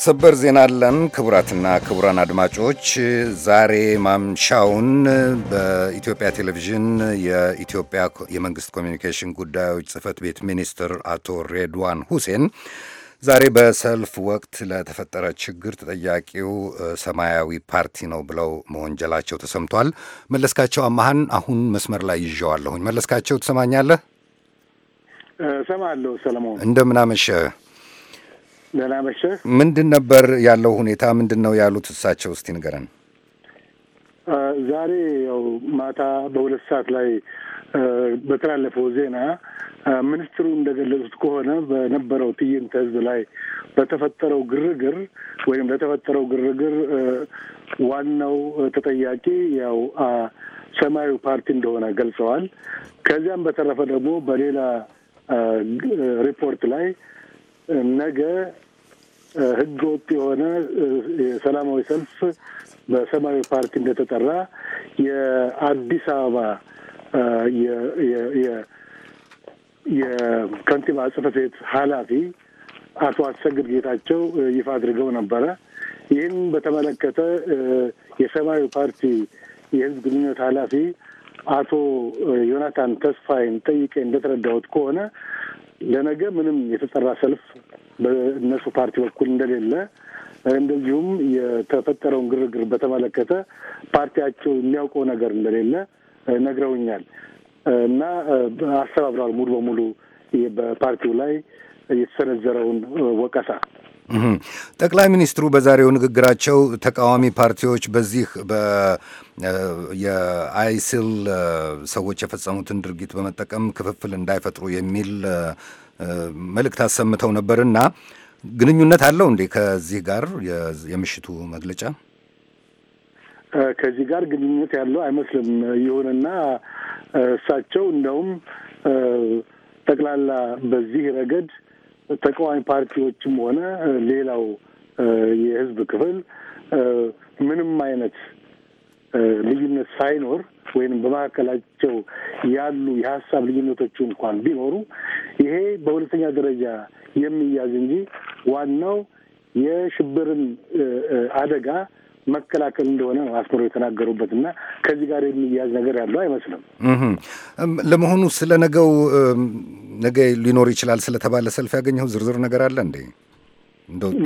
ሰበር ዜና አለን። ክቡራትና ክቡራን አድማጮች ዛሬ ማምሻውን በኢትዮጵያ ቴሌቪዥን የኢትዮጵያ የመንግስት ኮሚኒኬሽን ጉዳዮች ጽህፈት ቤት ሚኒስትር አቶ ሬድዋን ሁሴን ዛሬ በሰልፍ ወቅት ለተፈጠረ ችግር ተጠያቂው ሰማያዊ ፓርቲ ነው ብለው መወንጀላቸው ተሰምቷል። መለስካቸው አማሃን አሁን መስመር ላይ ይዣዋለሁኝ። መለስካቸው ትሰማኛለህ? እሰማለሁ ሰለሞን። እንደምን አመሸህ? ደህና መሸህ። ምንድን ነበር ያለው ሁኔታ? ምንድን ነው ያሉት እሳቸው? እስቲ ንገረን። ዛሬ ያው ማታ በሁለት ሰዓት ላይ በተላለፈው ዜና ሚኒስትሩ እንደገለጹት ከሆነ በነበረው ትዕይንተ ህዝብ ላይ በተፈጠረው ግርግር ወይም ለተፈጠረው ግርግር ዋናው ተጠያቂ ያው ሰማያዊ ፓርቲ እንደሆነ ገልጸዋል። ከዚያም በተረፈ ደግሞ በሌላ ሪፖርት ላይ ነገ ህገ ወጥ የሆነ የሰላማዊ ሰልፍ በሰማያዊ ፓርቲ እንደተጠራ የአዲስ አበባ የከንቲባ ጽሕፈት ቤት ኃላፊ አቶ አሰግድ ጌታቸው ይፋ አድርገው ነበረ። ይህን በተመለከተ የሰማያዊ ፓርቲ የህዝብ ግንኙነት ኃላፊ አቶ ዮናታን ተስፋይን ጠይቄ እንደተረዳሁት ከሆነ ለነገ ምንም የተጠራ ሰልፍ በእነሱ ፓርቲ በኩል እንደሌለ እንደዚሁም የተፈጠረውን ግርግር በተመለከተ ፓርቲያቸው የሚያውቀው ነገር እንደሌለ ነግረውኛል እና አስተባብረዋል ሙሉ በሙሉ በፓርቲው ላይ የተሰነዘረውን ወቀሳ ጠቅላይ ሚኒስትሩ በዛሬው ንግግራቸው ተቃዋሚ ፓርቲዎች በዚህ የአይሲል ሰዎች የፈጸሙትን ድርጊት በመጠቀም ክፍፍል እንዳይፈጥሩ የሚል መልእክት አሰምተው ነበርና ግንኙነት አለው እንዴ ከዚህ ጋር የምሽቱ መግለጫ? ከዚህ ጋር ግንኙነት ያለው አይመስልም። ይሁንና እሳቸው እንደውም ጠቅላላ በዚህ ረገድ ተቃዋሚ ፓርቲዎችም ሆነ ሌላው የህዝብ ክፍል ምንም አይነት ልዩነት ሳይኖር ወይም በመካከላቸው ያሉ የሀሳብ ልዩነቶች እንኳን ቢኖሩ ይሄ በሁለተኛ ደረጃ የሚያዝ እንጂ ዋናው የሽብርን አደጋ መከላከል እንደሆነ ነው አስምሮ የተናገሩበት እና ከዚህ ጋር የሚያዝ ነገር ያለው አይመስልም። ለመሆኑ ስለ ነገው ነገ ሊኖር ይችላል ስለተባለ ሰልፍ ያገኘው ዝርዝር ነገር አለ እንዴ?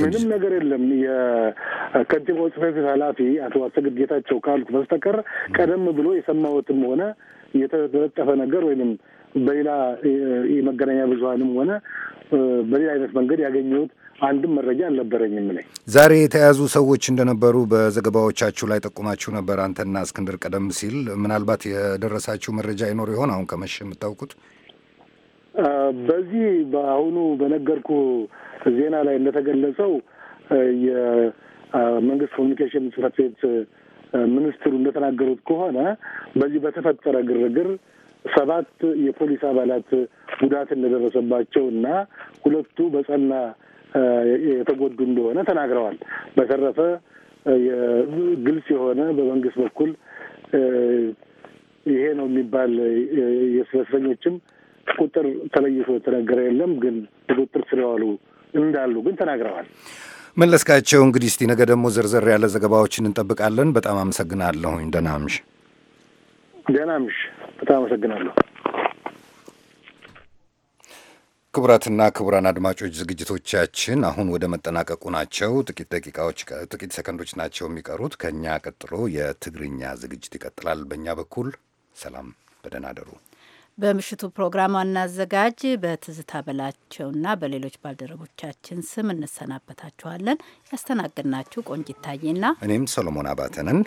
ምንም ነገር የለም። የከንቲባው ጽሕፈት ቤት ኃላፊ አቶ አሰግድ ጌታቸው ካሉት በስተቀር ቀደም ብሎ የሰማሁትም ሆነ የተለጠፈ ነገር ወይም በሌላ የመገናኛ ብዙሀንም ሆነ በሌላ አይነት መንገድ ያገኘሁት አንድም መረጃ አልነበረኝም። ላይ ዛሬ የተያዙ ሰዎች እንደነበሩ በዘገባዎቻችሁ ላይ ጠቁማችሁ ነበር፣ አንተና እስክንድር ቀደም ሲል። ምናልባት የደረሳችሁ መረጃ ይኖር ይሆን? አሁን ከመሸ የምታውቁት በዚህ በአሁኑ በነገርኩ ዜና ላይ እንደተገለጸው የመንግስት ኮሚኒኬሽን ጽፈት ቤት ሚኒስትሩ እንደተናገሩት ከሆነ በዚህ በተፈጠረ ግርግር ሰባት የፖሊስ አባላት ጉዳት እንደደረሰባቸው እና ሁለቱ በጸና የተጎዱ እንደሆነ ተናግረዋል። በተረፈ ግልጽ የሆነ በመንግስት በኩል ይሄ ነው የሚባል የስለስተኞችም ቁጥር ተለይቶ የተነገረ የለም። ግን ቁጥር ስር የዋሉ እንዳሉ ግን ተናግረዋል። መለስካቸው፣ እንግዲህ እስቲ ነገ ደግሞ ዘርዘር ያለ ዘገባዎችን እንጠብቃለን። በጣም አመሰግናለሁኝ። ደህና እምሽ። ደህና እምሽ። በጣም አመሰግናለሁ። ክቡራትና ክቡራን አድማጮች ዝግጅቶቻችን አሁን ወደ መጠናቀቁ ናቸው። ጥቂት ደቂቃዎች፣ ጥቂት ሰከንዶች ናቸው የሚቀሩት። ከእኛ ቀጥሎ የትግርኛ ዝግጅት ይቀጥላል። በእኛ በኩል ሰላም፣ በደህና አደሩ። በምሽቱ ፕሮግራም ዋና አዘጋጅ በትዝታ በላቸውና በሌሎች ባልደረቦቻችን ስም እንሰናበታችኋለን። ያስተናግድናችሁ ቆንጅ ይታየና እኔም ሰሎሞን አባተንን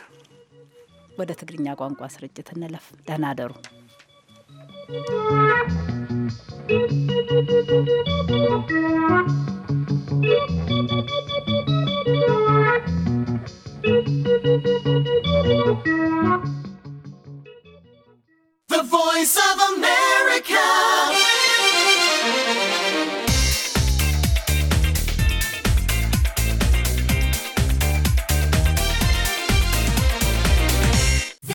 ወደ ትግርኛ ቋንቋ ስርጭት እንለፍ። ደህና አደሩ። The Voice of America